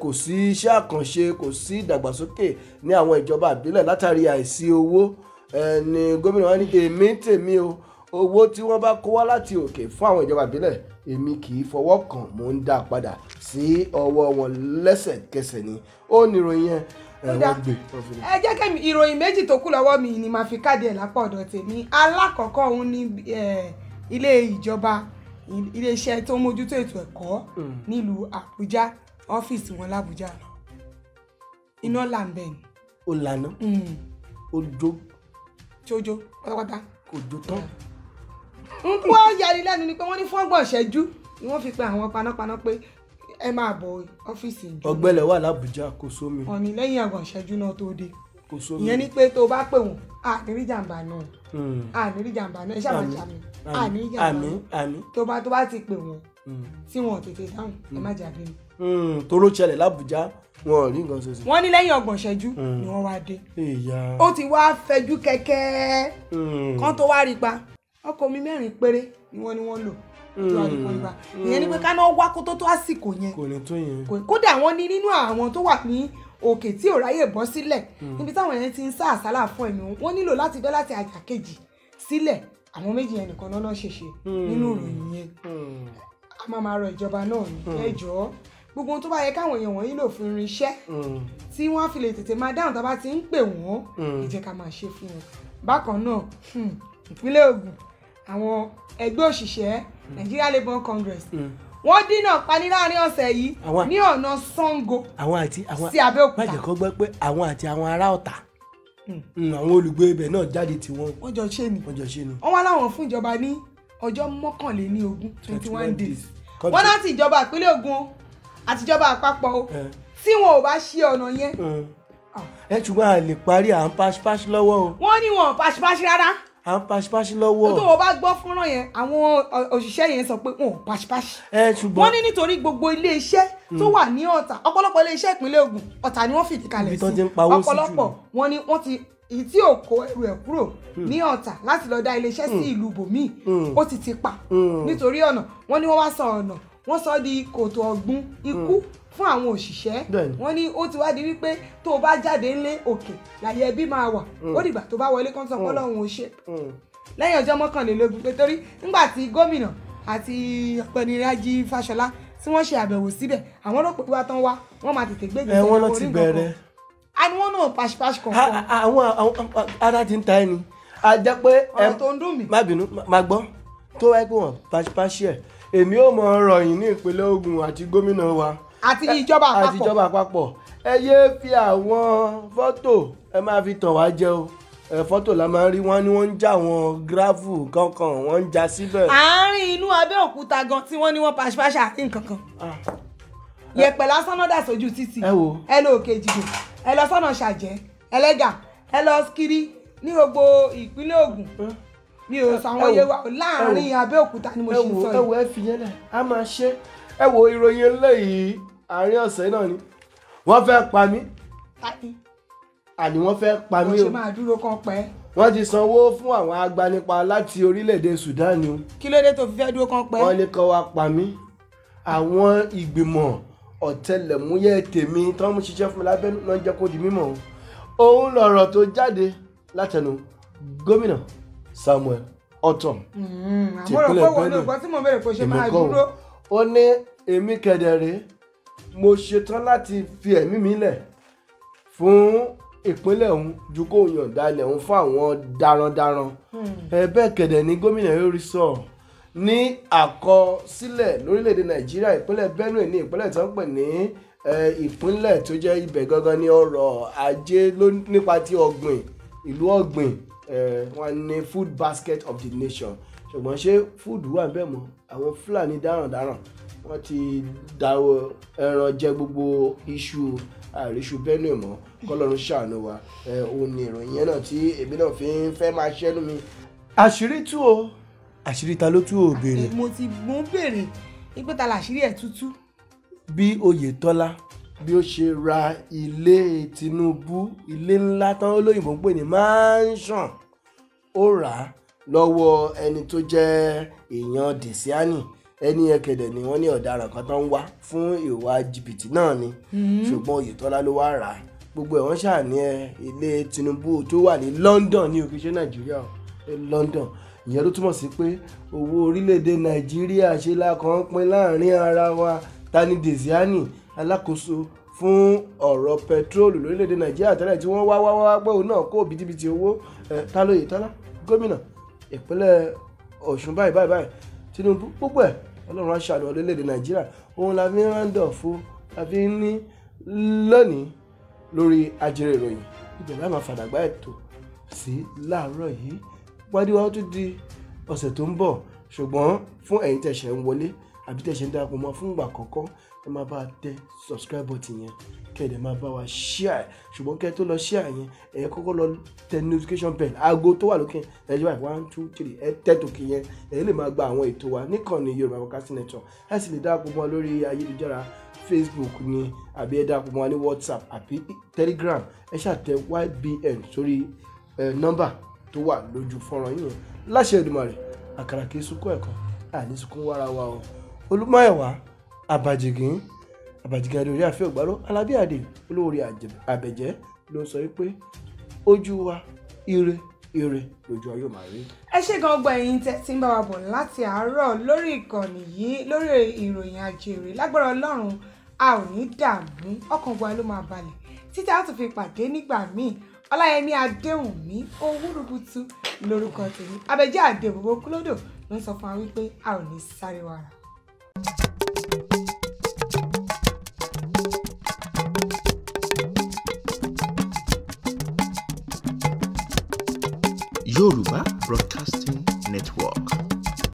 kò sí iṣẹ́ àkànṣe kò sí ìdàgbàsókè ní àwọn ìjọba ìbílẹ̀ látàrí àìsí owó ẹni gómìnà wa ní èmi tèmi o owó tí wọ́n bá kó wá láti òkè fún àwọn ìjọba ìbílẹ̀ èmi kì í fọwọ́ kàn mò ń dá padà sí ọwọ́ wọn lẹ́sẹ̀kẹsẹ̀ ni ó ní ìròyìn yẹn ẹ jẹ́ kẹ́mi ìròyìn méjì tó kù lọ́wọ́ mi ni màá fi káàdì ẹ̀ lápá ọ̀dọ̀ tèmi alákọ̀ọ́kọ́ òun ni ilé ìjọba iléeṣẹ́ tó mójútó ètò ẹ̀kọ́ hmm. nílùú Àbújá ọ́fíìsì wọn l'Àbújá iná làǹbẹ̀ ni. ó lànà hmm. ó dó tí ó jó pátápátá kò jó tán. n kú ọ̀yàrí lẹ́nu ni pé wọ́n ní fọ́ngbọ̀n ṣẹ́jú ni wọ́n fi pe àwọn panápaná pé ẹ máa bọ̀ ọ́fíìsì ìjọba. ọgbẹ́lẹ̀ wà lábùjá kò sómi. ọ̀nì lẹ́yìn àgbọ̀n ṣẹ́jú náà tó dé kò sómi. ìyẹn ni pé tó o bá pè wọ́n a ní rí jàǹbá náà hmm. a ní rí náà ẹ ṣáà máa jà mí náà tó bá tó bá ti pè wọ́n Mm. tí wọn ò tètè dáhùn ẹ mm. má jà bí mi. Mm, toró ṣẹlẹ̀ l'Àbújá wọn ò rí nǹkan ṣe sí. wọ́n ní lẹ́yìn ọgbọ̀n ṣẹ́jú ni wọ́n wá dé. ó ti wá fẹjú kẹ̀kẹ́ kán tó wá rí pa ọkọ̀ mi mẹ́rin péré ni wọ́n ní wọ́n lò ìyẹn ni pé ká náà wá kó tó tó àsìkò yẹn kò ní tó yẹn kódà wọ́n ní nínú àwọn tó wà ní òkè tí ò ráyè bọ́ sílẹ̀ níbi táwọn yẹn ti ń sá àsálà fún ẹ̀mí wọn nílò láti bẹ́ láti àjà kejì sílẹ̀ àwọn méjì yẹn nìkan náà ṣèṣe nínú ìròyìn yẹn a máa máa rọ ìjọba náà ní mm. ẹjọ́ gbogbo ohun tó bá yẹ káwọn èèyàn wọ̀nyí lò fún irinṣẹ́ mm. tí wọ́n fi lè tètè máa dáhùn tá a bá ti ń pè wọ́n ìjẹ́ mm. ká máa ṣe fún wọn bákan náà hmm, ìpínlẹ̀ Ògùn àwọn ẹgbẹ́ òṣìṣẹ́ Nigeria Labour Congress wọ́n dínà pani láàrin ọ̀sẹ̀ yìí ní ọ̀nà Sango sí Abẹ́òkúta. má jẹ́ kó gbọ́ pé àwọn àti àwọn ará Ọ̀tà hmm. Hmm, àwọn olùgbé ibẹ̀ náà jáde tí wọ́n. wọ́n jọ ṣe ni wọ́n wá láwọn fún ìjọba ní ọjọ́ mọ́kànléní ogún twenty one days wọn láti ìjọba ìpínlẹ̀ Ògùn o àtijọba àpapọ̀ o eh. tí wọn ò bá ṣe ọ̀nà yẹn. ẹ eh. eh, ṣùgbọ́n a lè parí à ń paṣípaṣí lọ́wọ́ o. wọ́n ní wọn ò paṣípaṣí rárá. à ń paṣípaṣí lọ́wọ́ o. tó o bá gbọ́ fúnrán yẹn àwọn òṣìṣẹ́ yẹn sọ pé wọn ò paṣípaṣí. ẹ ṣùgbọ́n wọ́n ní nítorí gbogbo iléeṣẹ́ hmm. tó wà ní Ọ̀tà ọ̀pọ̀lọpọ̀ iléeṣẹ́ ìpínlẹ̀ Ògùn Ọ̀tà ni wọ́n fìdí kalẹ̀ sí ọ̀pọ̀lọpọ̀ wọn ni wọ́n ti ìtí ò kó ẹrù ẹ̀ kúrò hmm. ní ọ̀tà láti lọ dá iléeṣẹ́ sí hmm. ìlú bòmíì hmm. ó ti ti pa nítorí ọ̀nà wọ́n ní wọ́n wá sọ ọ̀nà wọ́n sọ di kòtò ọ̀gbun ikú fún àwọn òṣìṣẹ́ wọ́n ní ó ti wá di wípé tó o bá jáde ńlé òkè láyé ẹbí máa wà ó dìgbà tó bá wọlé kán sọ pé ọlọ́run ò ṣe lẹ́yìn ọjọ́ mọ́kànlélógún pé torí nígbà tí gómìnà àti ọ̀pẹ̀nirajì Fáṣọlá tí wọ́n ṣe àbẹ̀wò síbẹ̀ àwọn rò pé wá tán wá wọ́n máa tètè gbé ìgbésẹ̀ orí nǹkan kan a ní wọ́n náà pàṣípàṣí kankan. àwọn ara ti ń ta ẹni a jẹ́ pé ọ̀rọ̀ tó ń dùn mí. má bínú má gbọ́ tó wáyé pé wọ́n pàṣípàṣí ẹ̀ èmi ò mọ̀ ọ̀rọ̀ yìí ní ìpínlẹ̀ Ògùn àti gómìnà wa. àti ìjọba àpapọ̀ àti ìjọba àpapọ̀ ẹ yéé fi àwọn fọ́tò ẹ máa fi tàn wá jẹ o fọ́tò la máa ń rí wọ́n ní wọ́n ń já wọn gíráfù kankan wọ́n ń já síbẹ̀. àárín inú Abẹ́òkúta gan tí wọ́n ní wọ́n paṣípaṣí àti nǹkan kan ah. yẹ̀pẹ̀ lásán náà dà sójú títì ẹ lò ó kejì dùn ẹ lọ sọ́nà ṣàjẹ́ ẹlẹ́gà ẹ lọ kiri ní gbogbo ìpínlẹ̀ Ògùn mi ò sàwọn yé wa láàrin Abẹ́òkúta ni mo ṣe sọ yìí. ẹ wo ẹ fi yẹn lẹ àárín ọ̀sẹ̀ náà ni wọ́n fẹ́ pa mí àní wọ́n fẹ́ pa mí o. wọ́n ṣe máa dúró kan pẹ́ wọ́n ti sanwó fún àwọn agbanipa láti orílẹ̀-èdè Sudan ni o. kí ló dé tó fi fẹ́ dúró kan pẹ́. wọ́n ní kó wá pa mí àwọn ìgbìmọ̀ ọ̀tẹlẹ̀múyẹ́ tèmi tán mú ṣiṣẹ́ fún mi lábẹ́ náà jẹ́ kó di mímọ̀ o òun lọ̀rọ̀ tó jáde látẹnu gómìnà Samuel Ortom hmm, tìpínlẹ̀ Benue èmi kọ́ ó ní èmi kẹ̀dẹ̀rẹ́ mo ṣetán láti fi ẹ̀mí mi lẹ̀ fún ìpínlẹ̀ ọ̀hún ju kó yọ̀ǹda ilẹ̀ ọ̀hún fún àwọn darandaran hmm. ẹ bẹ́ẹ̀ kẹ̀dẹ̀ ní gómìnà yóò rí sọ̀rọ̀ ní àkọsílẹ̀ lórílẹ̀‐èdè nàìjíríà ìpínlẹ̀ benue ní ìpínlẹ̀ tó ń pè ní ìpínlẹ̀ tó jẹ́ ibẹ̀ gangan ní ọrọ̀ ajé nípa ti ọ̀gbìn ìlú ọ̀gbìn wọn ní food basket of the nation ṣùgbọ́n ṣé fúdù wà bẹ́ẹ̀ mọ́ àwọn fúlàní dáràndáràn wọ́n ti da ẹran jẹ gbogbo iṣu àríṣu benue mọ́ kọ́lọ́run ṣàánú wa òun ni ìròyìn yẹn náà tí èmi náà fi ń fẹ́ máa ṣẹ́nu mi. àṣírí tú o àṣírí ta ló tú ò béèrè. mo ti mú béèrè nígbà tá làṣírí ẹ̀ tútú. bí Oyètọ́lá bí ó ṣe ra ilé Tinubu ilé ńlá tán olóyìnbó ń pè ní mansion ó rà á lọ́wọ́ ẹni tó jẹ́ èèyàn dèsíánì ẹni ẹkẹdẹ ni wọ́n ní ọ̀daràn kan tó ń wá fún ìwà jìbìtì náà ni hmm. ṣùgbọ́n Oyètọ́lá ló wá rà á gbogbo ẹ̀ wọ́n ṣàní ẹ ilé Tinubu tó wà ní London ní òkè ṣe Nàìjíríà London ìyẹn ló túmọ̀ sí pé owó orílẹ̀-èdè nàìjíríà ṣe la kàn láàrin ara wa Tani Desiani alákòóso fún ọ̀rọ̀ pẹtrólù lórílẹ̀‐èdè nàìjíríà tẹ́lẹ̀ tí wọ́n wá wá wá pé òun náà kó bìtìbìtì owó tálóyè tálá gómìnà ìpínlẹ̀ ọ̀ṣun báyìí báyìí báyìí tinubu gbogbo ẹ̀ ọlọ́run aṣàlù lórílẹ̀‐èdè nàìjíríà òun la fi ń rándọ̀ fún la fi ń ní lónìí lórí ajẹrẹ ìròyìn ìbẹ̀rẹ̀ àmàfàdàgbà ètò sí láàárọ̀ yìí wáyé wa ó tún di ọ̀sẹ̀ tó ń bọ̀ ṣùgbọ́n fún ẹ̀yin tẹ̀sẹ̀ ń wọlé àbí tẹ̀sẹ̀ ń darapọ̀ mọ́ fún ìgbà àkọ́kọ́ ẹ máa bá a tẹ subscribe button yẹn kẹ́ ẹ dẹ̀ máa bá wa share ṣùgbọ́n kẹ́ ẹ tó lọ share yẹn ẹ kọ́kọ́ lọ tẹ notification bell aago tó wà lókè ẹ jẹ́ báyìí one two three ẹ tẹ́ tòkè yẹn ẹ lè máa gba àwọn ètò wa níkànnì Yorùbá Broadcasting Network ẹ sì lè darapọ̀ mọ́ lórí ayélujára Facebook ni àbí ẹ darapọ̀ mọ́ ní WhatsApp àbí Telegram ẹ ṣàtẹ YBN sórí nọ́mbà tó wà lójú fọ́nrán yìí o láṣẹ Èdùmàrè àkàrà kì í sunkún ẹ̀kan àní sunkún wára wa o olùmọ̀ẹ̀wá àbàjìgín àbàjìgín adé orí àfẹ́ ògbárò alábíàdé olórí àbẹ̀jẹ́ ló sọ pé ojú wa ire ire lójú ayé màá rí. ẹ ṣe gan ọgbà ẹ̀yin tẹ́ ti ń bá wa bọ̀ láti àárọ̀ lórí ìkànnì yìí lórí ìròyìn àjèrè lágbára Ọlọ́run a ò ní dààmú ọkàn wa ló máa balẹ̀ títí a tún fi pàdé nígbà míì ọláyẹmí adéhùnmí owó rúbutu tèmi abẹjẹ àdèbòbò kúlódò ló ń sọ fún wa wípé a ò ní sáré wàrà. Yoruba Broadcasting Network.